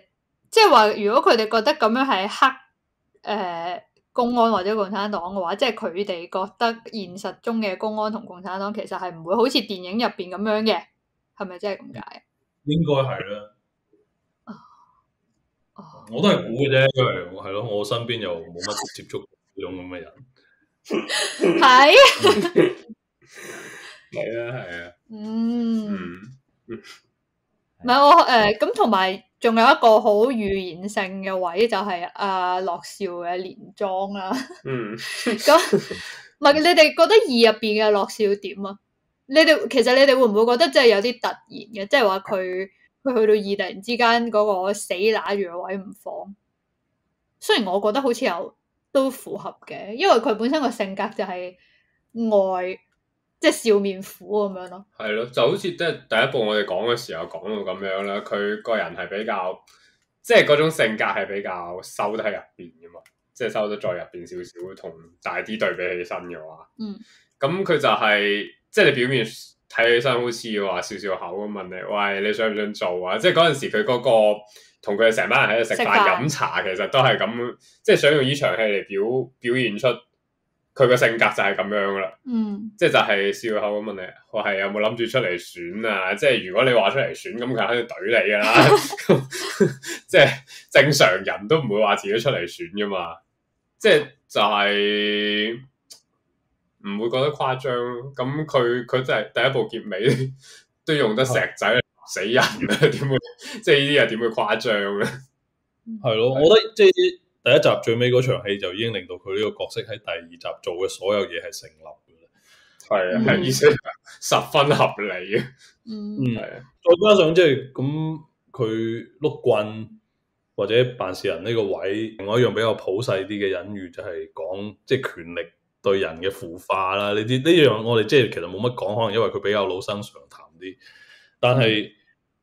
Speaker 1: 即係話如果佢哋覺得咁樣係黑，誒、呃。公安或者共產黨嘅話，即係佢哋覺得現實中嘅公安同共產黨其實係唔會好似電影入邊咁樣嘅，係咪真係咁解啊？
Speaker 3: 應該係啦。哦，我都係估嘅啫，因為係咯，我身邊又冇乜接觸呢種咁嘅人。
Speaker 5: 係。係啊
Speaker 3: 係啊。啊啊嗯。 [laughs]
Speaker 1: 唔係、嗯、 [laughs] 我誒，咁同埋仲有一個好預言性嘅位，就是，就係阿樂少嘅連莊啦，啊。 [laughs] [laughs] 嗯，咁唔係你哋覺得二入邊嘅樂少點啊？你哋其實你哋會唔會覺得即係有啲突然嘅？即係話佢佢去到二突然之間嗰個死揸住個位唔放。雖然我覺得好似有都符合嘅，因為佢本身個性格就係外。即係笑面虎咁樣咯，
Speaker 4: 係咯，就好似即係第一部我哋講嘅時候講到咁樣啦。佢個人係比較，即係嗰種性格係比較收得喺入邊噶嘛，即係收得再入邊少少，同大啲對比起身嘅話，
Speaker 5: 嗯，
Speaker 4: 咁佢就係即係你表面睇起身好似話笑笑口咁問你，喂你想唔想做啊？即係嗰陣時佢嗰個同佢哋成班人喺度食飯飲茶，其實都係咁，即係想用呢場戲嚟表表現出。佢個性格就係咁樣啦，嗯，即係就係笑口咁問你，我係有冇諗住出嚟選啊？即係如果你話出嚟選，咁佢肯定懟你噶啦。 [laughs] [laughs] 即係正常人都唔會話自己出嚟選噶嘛。即係就係唔會覺得誇張。咁佢佢真係第一部結尾都用得石仔死人啊？
Speaker 3: 點 [laughs] [laughs] 會？即係呢啲又點會誇張咧？係咯 [laughs] 的，我覺得即係。第一集最尾嗰場戲就已經令到佢呢個角色喺第二集做嘅所有嘢係成立嘅，係啊的，嗯、意思十分合理嘅，嗯，係啊的、嗯，再加上即係咁，佢碌棍或者辦事人呢個位，另外一樣比較普世啲嘅隱喻就係講即係權力對人嘅腐化啦，呢啲呢樣我哋即係其實冇乜講，可能因為佢比較老生常談啲，但係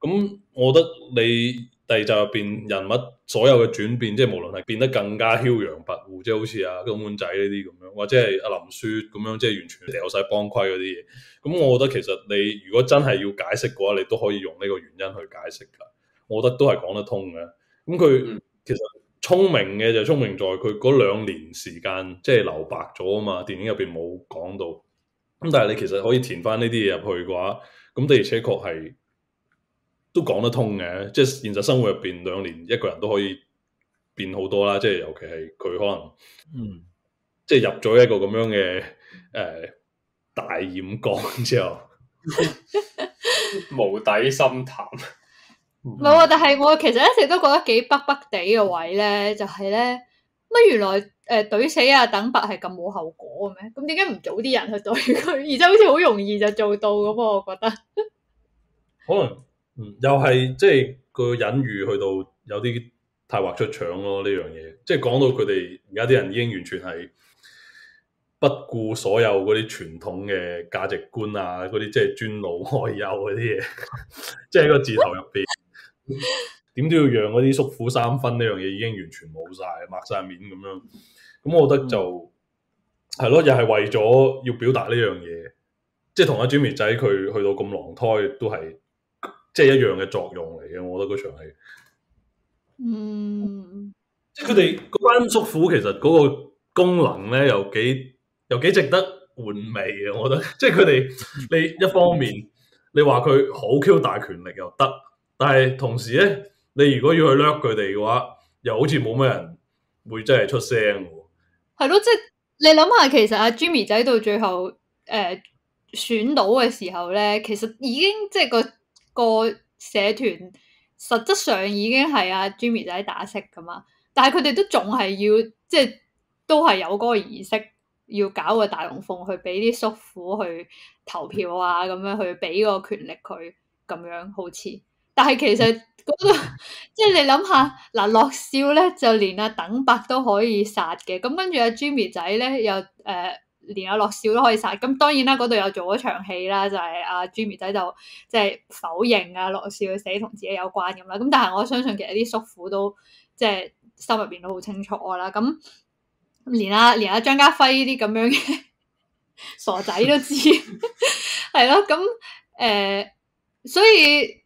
Speaker 3: 咁，我覺得你。第二集入邊人物所有嘅轉變，即係無論係變得更加囂張跋扈，即係好似啊金滿仔呢啲咁樣，或者係阿林書咁樣，即係完全掉晒幫規嗰啲嘢。咁我覺得其實你如果真係要解釋嘅話，你都可以用呢個原因去解釋㗎。我覺得都係講得通嘅。咁佢其實聰明嘅就係、聰明在佢嗰兩年時間即係、就係、留白咗啊嘛。電影入邊冇講到，咁但係你其實可以填翻呢啲嘢入去嘅話，咁的而且確係。都講得通嘅，即係現實生活入邊，兩年一個人都可以變好多啦。即係尤其係佢可能，嗯，即係入咗一個咁樣嘅誒、呃、大染缸之後， [laughs] 無底深潭。
Speaker 1: 冇啊、 [laughs] 嗯！但係我其實一直都覺得幾北北地嘅位咧、就是，就係咧乜原來誒懟、呃、死啊等白係咁冇後果嘅咩？咁點解唔早啲人去懟佢？而且好似好容易就做到咁，我覺得
Speaker 3: 可能。嗯、又係即係個隱喻去到有啲太畫出腸咯，呢樣嘢，即係講到佢哋而家啲人已經完全係不顧所有嗰啲傳統嘅價值觀啊，嗰啲即係尊老愛幼嗰啲嘢， [laughs] 即係喺個字頭入邊點都要讓嗰啲叔父三分呢樣嘢已經完全冇晒，抹晒面咁樣，咁我覺得就係咯、嗯，又係為咗要表達呢樣嘢，即係同阿 Jimmy 仔佢去到咁狼胎都係。即係一樣嘅作用嚟嘅，我覺得嗰場戲，嗯，即係佢哋班叔父其實嗰個功能咧，又幾又幾值得玩味嘅。我覺得，即係佢哋你一方面，你話佢好 Q 大權力又得，但係同時咧，你如果要去掠佢哋嘅話，又好似冇咩人會真係出聲嘅。
Speaker 1: 係咯，即係你諗下，其實阿 Jimmy 仔到最後誒、呃、選到嘅時候咧，其實已經即係個。個社團實質上已經係阿 Jimmy 仔打識噶嘛，但係佢哋都仲係要，即係都係有嗰個儀式要搞個大龍鳳去俾啲叔父去投票啊，咁樣去俾個權力佢，咁樣好似，但係其實嗰度，即 [laughs] 係你諗下，嗱樂少咧就連阿等伯都可以殺嘅，咁跟住阿 Jimmy 仔咧又誒。呃連阿、啊、樂少都可以殺，咁當然啦，嗰度又做咗場戲啦，就係、是、阿、啊、Jimmy 仔就即係、就是、否認啊，樂少死同自己有關咁啦，咁但係我相信其實啲叔父都即係、就是、心入面都好清楚啦，咁連啊連啊張家輝呢啲咁樣嘅傻仔都知，係咯， [laughs] [laughs] 咁誒、呃，所以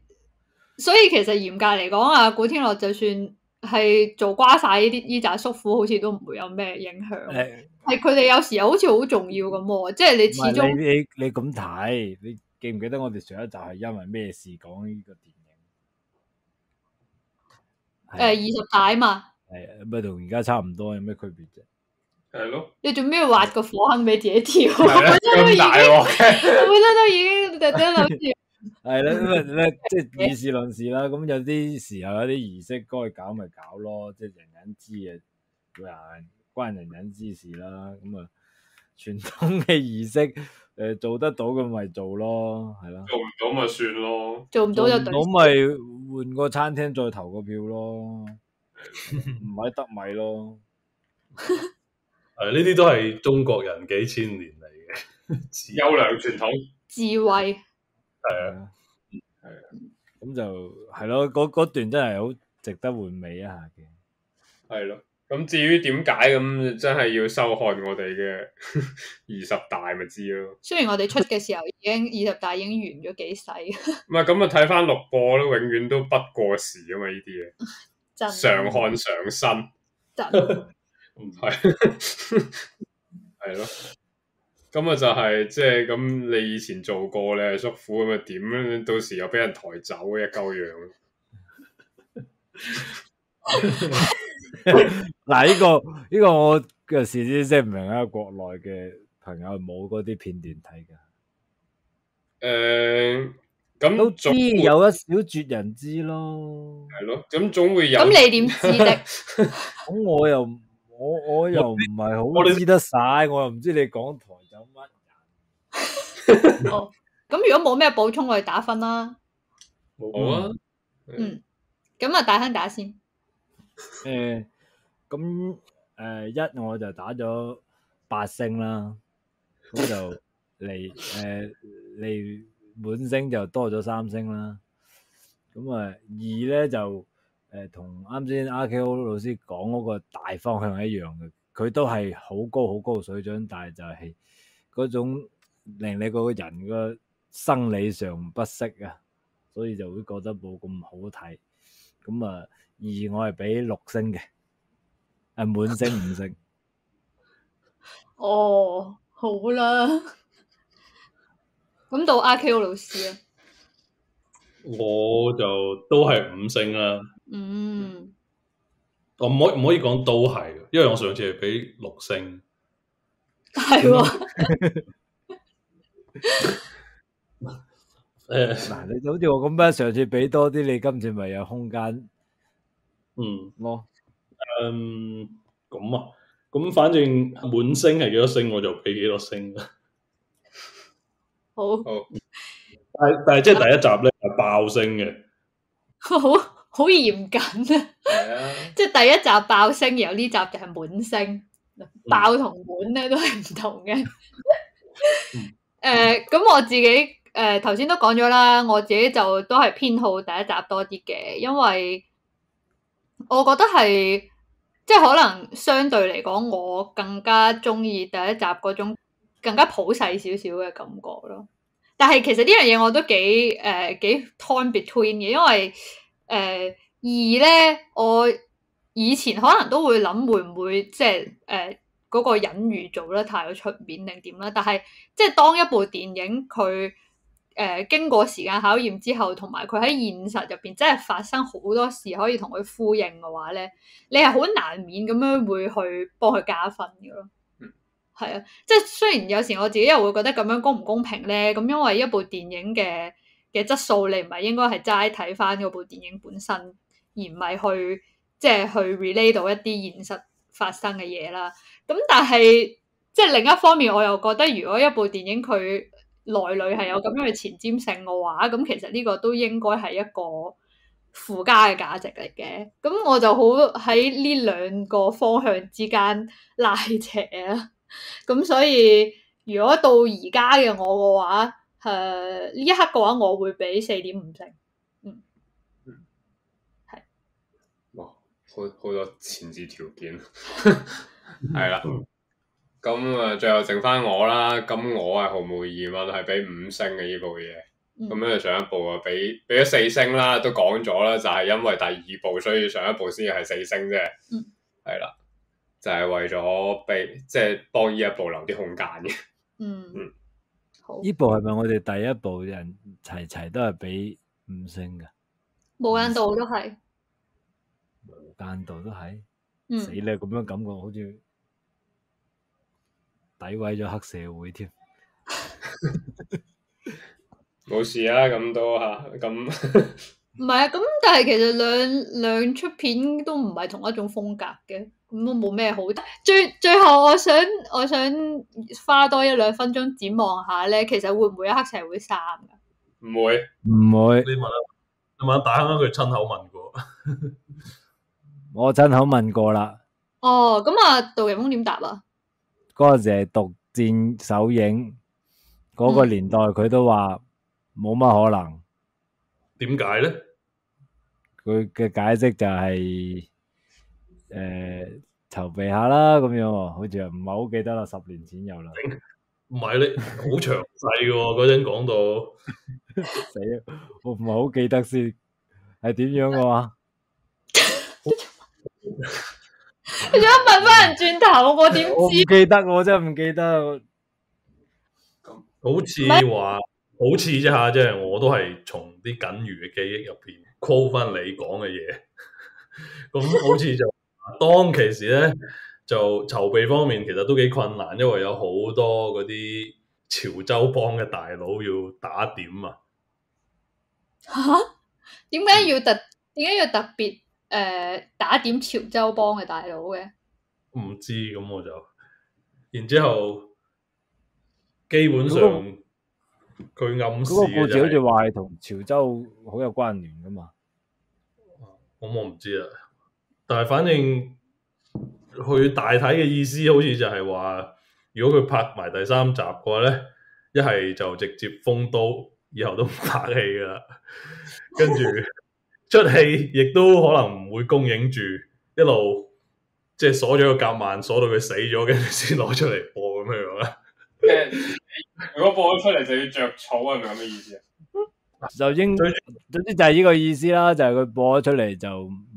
Speaker 1: 所以其實嚴格嚟講啊，古天樂就算，係做瓜晒呢啲呢集叔父好似都唔會有咩影響，係佢哋有時候好似好重要咁，即係你始終
Speaker 2: 你你咁睇，你記唔記得我哋上一集係因為咩事講呢個電影？誒，
Speaker 1: 二十大啊嘛，
Speaker 2: 係咪同而家差唔多，有咩區別啫？係咯
Speaker 1: 的，你做咩挖個火坑俾自己跳？本身都已經，本身都已經特登諗住。 [laughs] [laughs] [laughs]
Speaker 2: 係啦，咁啊， [laughs] 即係以事論事啦。咁有啲時候有啲儀式該搞咪搞咯，即係人人知嘅人關人人之事啦。咁啊，傳統嘅儀式誒做得到嘅咪做咯，係咯，做唔
Speaker 4: 到咪算咯，做唔到，到就唔
Speaker 2: 咪換個餐廳再投個票咯，唔 [laughs] 係得米咯。
Speaker 3: 誒，呢啲都係中國人幾千年嚟
Speaker 2: 嘅優良傳統
Speaker 1: 智慧。
Speaker 2: 係啊，係啊，咁、啊、就係咯，嗰、啊、段真係好值得回味一下嘅。係咯、啊，咁至於點
Speaker 4: 解咁真係要收看我哋嘅二十大咪知咯？
Speaker 1: 雖然我哋出嘅時候已經二十大已經完咗幾世。
Speaker 4: 唔係咁啊，睇翻錄播咯，永遠都不過時啊嘛！呢啲嘢，
Speaker 1: [laughs] 真常看常新，
Speaker 4: 上上 [laughs] 真係係咯。 [laughs] 不是 [laughs] [laughs] 咁啊、就是，就係即係咁，你以前做過咧，叔父咁啊，點咧？到時又俾人抬走，嘅一嚿樣。
Speaker 2: 嗱，呢個呢、呢個我嘅事先即係唔明，喺國內嘅朋友冇嗰啲片段睇噶。
Speaker 4: 誒、欸，咁、嗯嗯、都總會有一
Speaker 2: 小絕人知咯。
Speaker 4: 係咯，咁、嗯嗯、總會有。咁、嗯、你點知的？
Speaker 2: 咁、 [laughs] 嗯、我又。我我又唔係好知得晒，我又唔知你講台有乜人。
Speaker 1: 咁如果冇咩補充，我哋打分啦。
Speaker 2: 好啊、oh. 嗯。嗯，
Speaker 1: 咁啊，大亨打先。
Speaker 2: 誒、 [laughs] 呃，咁誒、呃、一我就打咗八星啦，咁就離誒離滿星就多咗三星啦。咁啊、呃、二咧就。誒，同啱先阿 Ko 老師講嗰個大方向係一樣嘅，佢都係好高好高水準，但係就係嗰種令你個人個生理上不適啊，所以就會覺得冇咁好睇。咁啊，而我係俾六星嘅，係滿星五星。
Speaker 1: 哦，好啦，咁到阿 Ko 老師啊，
Speaker 3: 我就都係五星啦。嗯，我唔可以唔可以講都係嘅，因為我上次係俾六星，
Speaker 5: 係
Speaker 3: 喎。誒，嗱，
Speaker 2: 你就好似我咁樣，上次俾多啲，你今次咪有空間。嗯，我，嗯，咁啊，
Speaker 3: 咁反正滿星係幾多星，我就俾幾多星啦。
Speaker 1: 好，
Speaker 3: 但係但係即係第一集咧係爆星嘅，
Speaker 1: 好。好嚴謹啊！ [laughs] 即係第一集爆星，然後呢集就係滿星，爆滿呢同滿咧都係唔同嘅。誒，咁我自己誒頭先都講咗啦，我自己就都係偏好第一集多啲嘅，因為我覺得係即係可能相對嚟講，我更加中意第一集嗰種更加普世少少嘅感覺咯。但係其實呢樣嘢我都幾誒幾 torn between 嘅，因為誒，二咧，我以前可能都會諗會唔會即係誒嗰個隱喻做得太有出面定點咧，但係即係當一部電影佢誒、呃、經過時間考驗之後，同埋佢喺現實入邊真係發生好多事可以同佢呼應嘅話咧，你係好難免咁樣會去幫佢加分嘅咯。係啊、嗯，即係雖然有時我自己又會覺得咁樣公唔公平咧，咁因為一部電影嘅嘅質素，你唔係應該係齋睇翻嗰部電影本身，而唔係去即係、就是、去 relate 到一啲現實發生嘅嘢啦。咁但係即係另一方面，我又覺得如果一部電影佢內裏係有咁樣嘅前瞻性嘅話，咁其實呢個都應該係一個附加嘅價值嚟嘅。咁我就好喺呢兩個方向之間拉扯啦。咁所以如果到而家嘅我嘅話，誒呢、uh, 一刻嘅話，我會俾四點五星，嗯，嗯，
Speaker 4: 係是。哇，好好多前置條件，係 [laughs] 啦。咁啊，最後剩翻我啦。咁我係毫無疑問係俾五星嘅呢部嘢。咁咧、嗯、上一部啊，俾俾咗四星啦，都講咗啦，就係因為第二部，所以上一部先至係四星啫。嗯，係啦，就係、是、為咗俾即係幫呢一部留啲空間嘅。嗯。 [laughs] 嗯。
Speaker 2: 呢好部係咪我哋第一部人齊齊都係畀五星噶？
Speaker 1: 無間道都係，
Speaker 2: 無間道都係，都嗯、死啦！咁樣感覺好似詆毀咗黑社會添，
Speaker 4: 冇 [laughs] [laughs] [laughs] 事啊！咁多吓咁。 [laughs]
Speaker 1: 唔係啊，咁但係其實兩兩出片都唔係同一種風格嘅，咁都冇咩好。最最後我想我想花多一兩分鐘展望下咧，其實會唔會一黑社會三？唔
Speaker 3: 會唔會你？你問啊，問啊，打開佢句親口問過，
Speaker 2: [laughs] 我親口問過啦。
Speaker 1: 哦，咁啊，杜琪峰點答啊？
Speaker 2: 嗰陣係《獨戰》首映，嗰、嗰個年代，佢都話冇乜可能。嗯
Speaker 3: 點解咧，就
Speaker 2: 是？佢嘅解釋就係誒籌備下啦，咁樣，好似又唔係好記得啦。十年前有啦，
Speaker 3: 唔係你好詳細嗰陣講到死， [laughs] 我
Speaker 2: 唔係好記得先係點樣嘅話。
Speaker 1: 想一問翻人轉頭，我點知？唔 [laughs] 記
Speaker 2: 得，我真係唔記得。好似
Speaker 3: 話，好似即下，即係我都係從。啲僅餘嘅記憶入邊，call 翻你講嘅嘢，咁好似就當其時咧，就籌備方面其實都幾困難，因為有好多嗰啲潮州幫嘅大佬要打點啊。嚇、
Speaker 1: 啊？點解要特？點解要特別？誒、呃，打點潮州幫嘅大佬嘅？
Speaker 3: 唔知咁我就，然之後基本上。佢暗示好似話
Speaker 2: 係同潮州好有關聯噶嘛？嗯、
Speaker 3: 我我唔知啊，但係反正佢大體嘅意思好似就係話，如果佢拍埋第三集嘅話咧，一係就直接封刀，以後都唔拍戲噶啦，跟住出戲亦都可能唔會公映住，一路即係鎖咗個夾萬，鎖到佢死咗，
Speaker 2: 跟住先攞出嚟。
Speaker 4: 誒， [laughs] 如果播咗出嚟就要
Speaker 2: 着草，係咪咁嘅意思啊？就應，總之就係呢個意思啦先。 [laughs] 就係、是、佢播咗出嚟就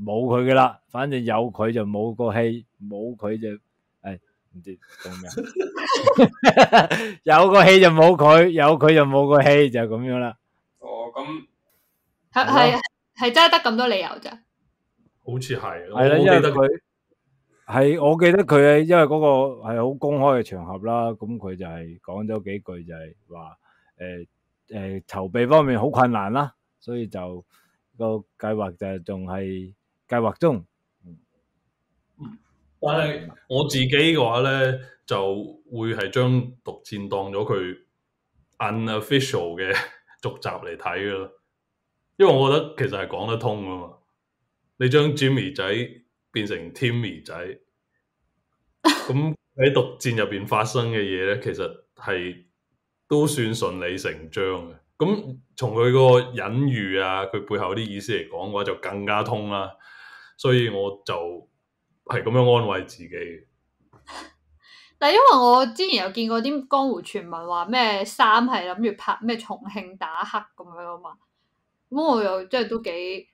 Speaker 2: 冇佢噶啦。反正有佢就冇個戲，冇佢就誒唔知做咩。 [laughs] [laughs] 有個戲就冇佢，有佢就冇個戲，就咁、是、樣啦。
Speaker 1: 哦，咁係係係真係得咁多理由咋？
Speaker 3: 好似係，係啦， [laughs] 因為得佢。
Speaker 2: 係，我記得佢係，因為嗰個係好公開嘅場合啦，咁佢就係講咗幾句就，就係話，誒、呃、誒，籌備方面好困難啦，所以就、個計劃就係仲係計劃中。
Speaker 3: 嗯、但係我自己嘅話咧，就會係將《毒戰》當咗佢 unofficial 嘅續集嚟睇噶啦，因為我覺得其實係講得通噶嘛，你將 Jimmy 仔。變成 Timmy 仔，咁喺《毒戰》入邊發生嘅嘢咧， [laughs] 其實係都算順理成章嘅。咁從佢個隱喻啊，佢背後啲意思嚟講嘅話，就更加通啦，啊。所以我就係咁樣安慰自己。
Speaker 1: [laughs] 但係因為我之前有見過啲江湖傳聞話咩三係諗住拍咩重慶打黑咁樣啊嘛，咁我又即係都幾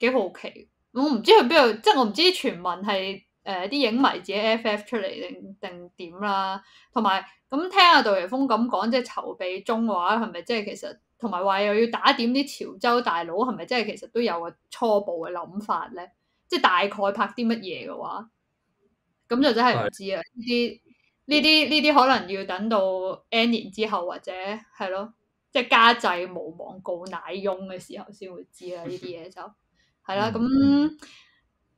Speaker 1: 幾好奇。我唔，嗯、知佢邊度，即係我唔知傳聞係誒啲影迷自己 FF 出嚟定定點啦。同埋咁聽阿杜琪峰咁講，即係籌備中嘅話，係咪即係其實同埋話又要打點啲潮州大佬，係咪即係其實都有個初步嘅諗法咧？即係大概拍啲乜嘢嘅話，咁就真係唔知啊！呢啲呢啲呢啲可能要等到 N 年之後或者係咯，即係，就是，家祭無忘告乃翁嘅時候先會知啦！呢啲嘢就～係啦，咁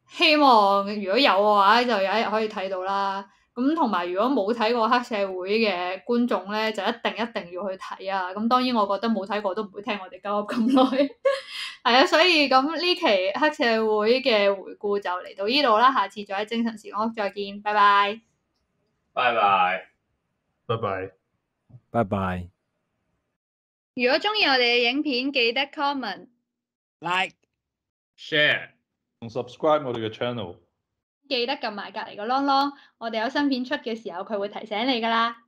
Speaker 1: 希望如果有嘅話，就有一日可以睇到啦。咁同埋如果冇睇過黑社會嘅觀眾咧，就一定一定要去睇啊！咁當然，我覺得冇睇過都唔會聽我哋交流咁耐。係啊，所以咁呢期黑社會嘅回顧就嚟到呢度啦。下次再喺精神時光屋再見，拜拜。
Speaker 2: 拜拜，拜拜，拜拜。
Speaker 1: 如果中意我哋嘅影片，記得 comment
Speaker 2: like。
Speaker 3: share 同 Subscribe 我哋嘅 Channel。
Speaker 1: 記得撳埋隔離個啷啷，我哋有新片出嘅時候，佢會提醒你噶啦。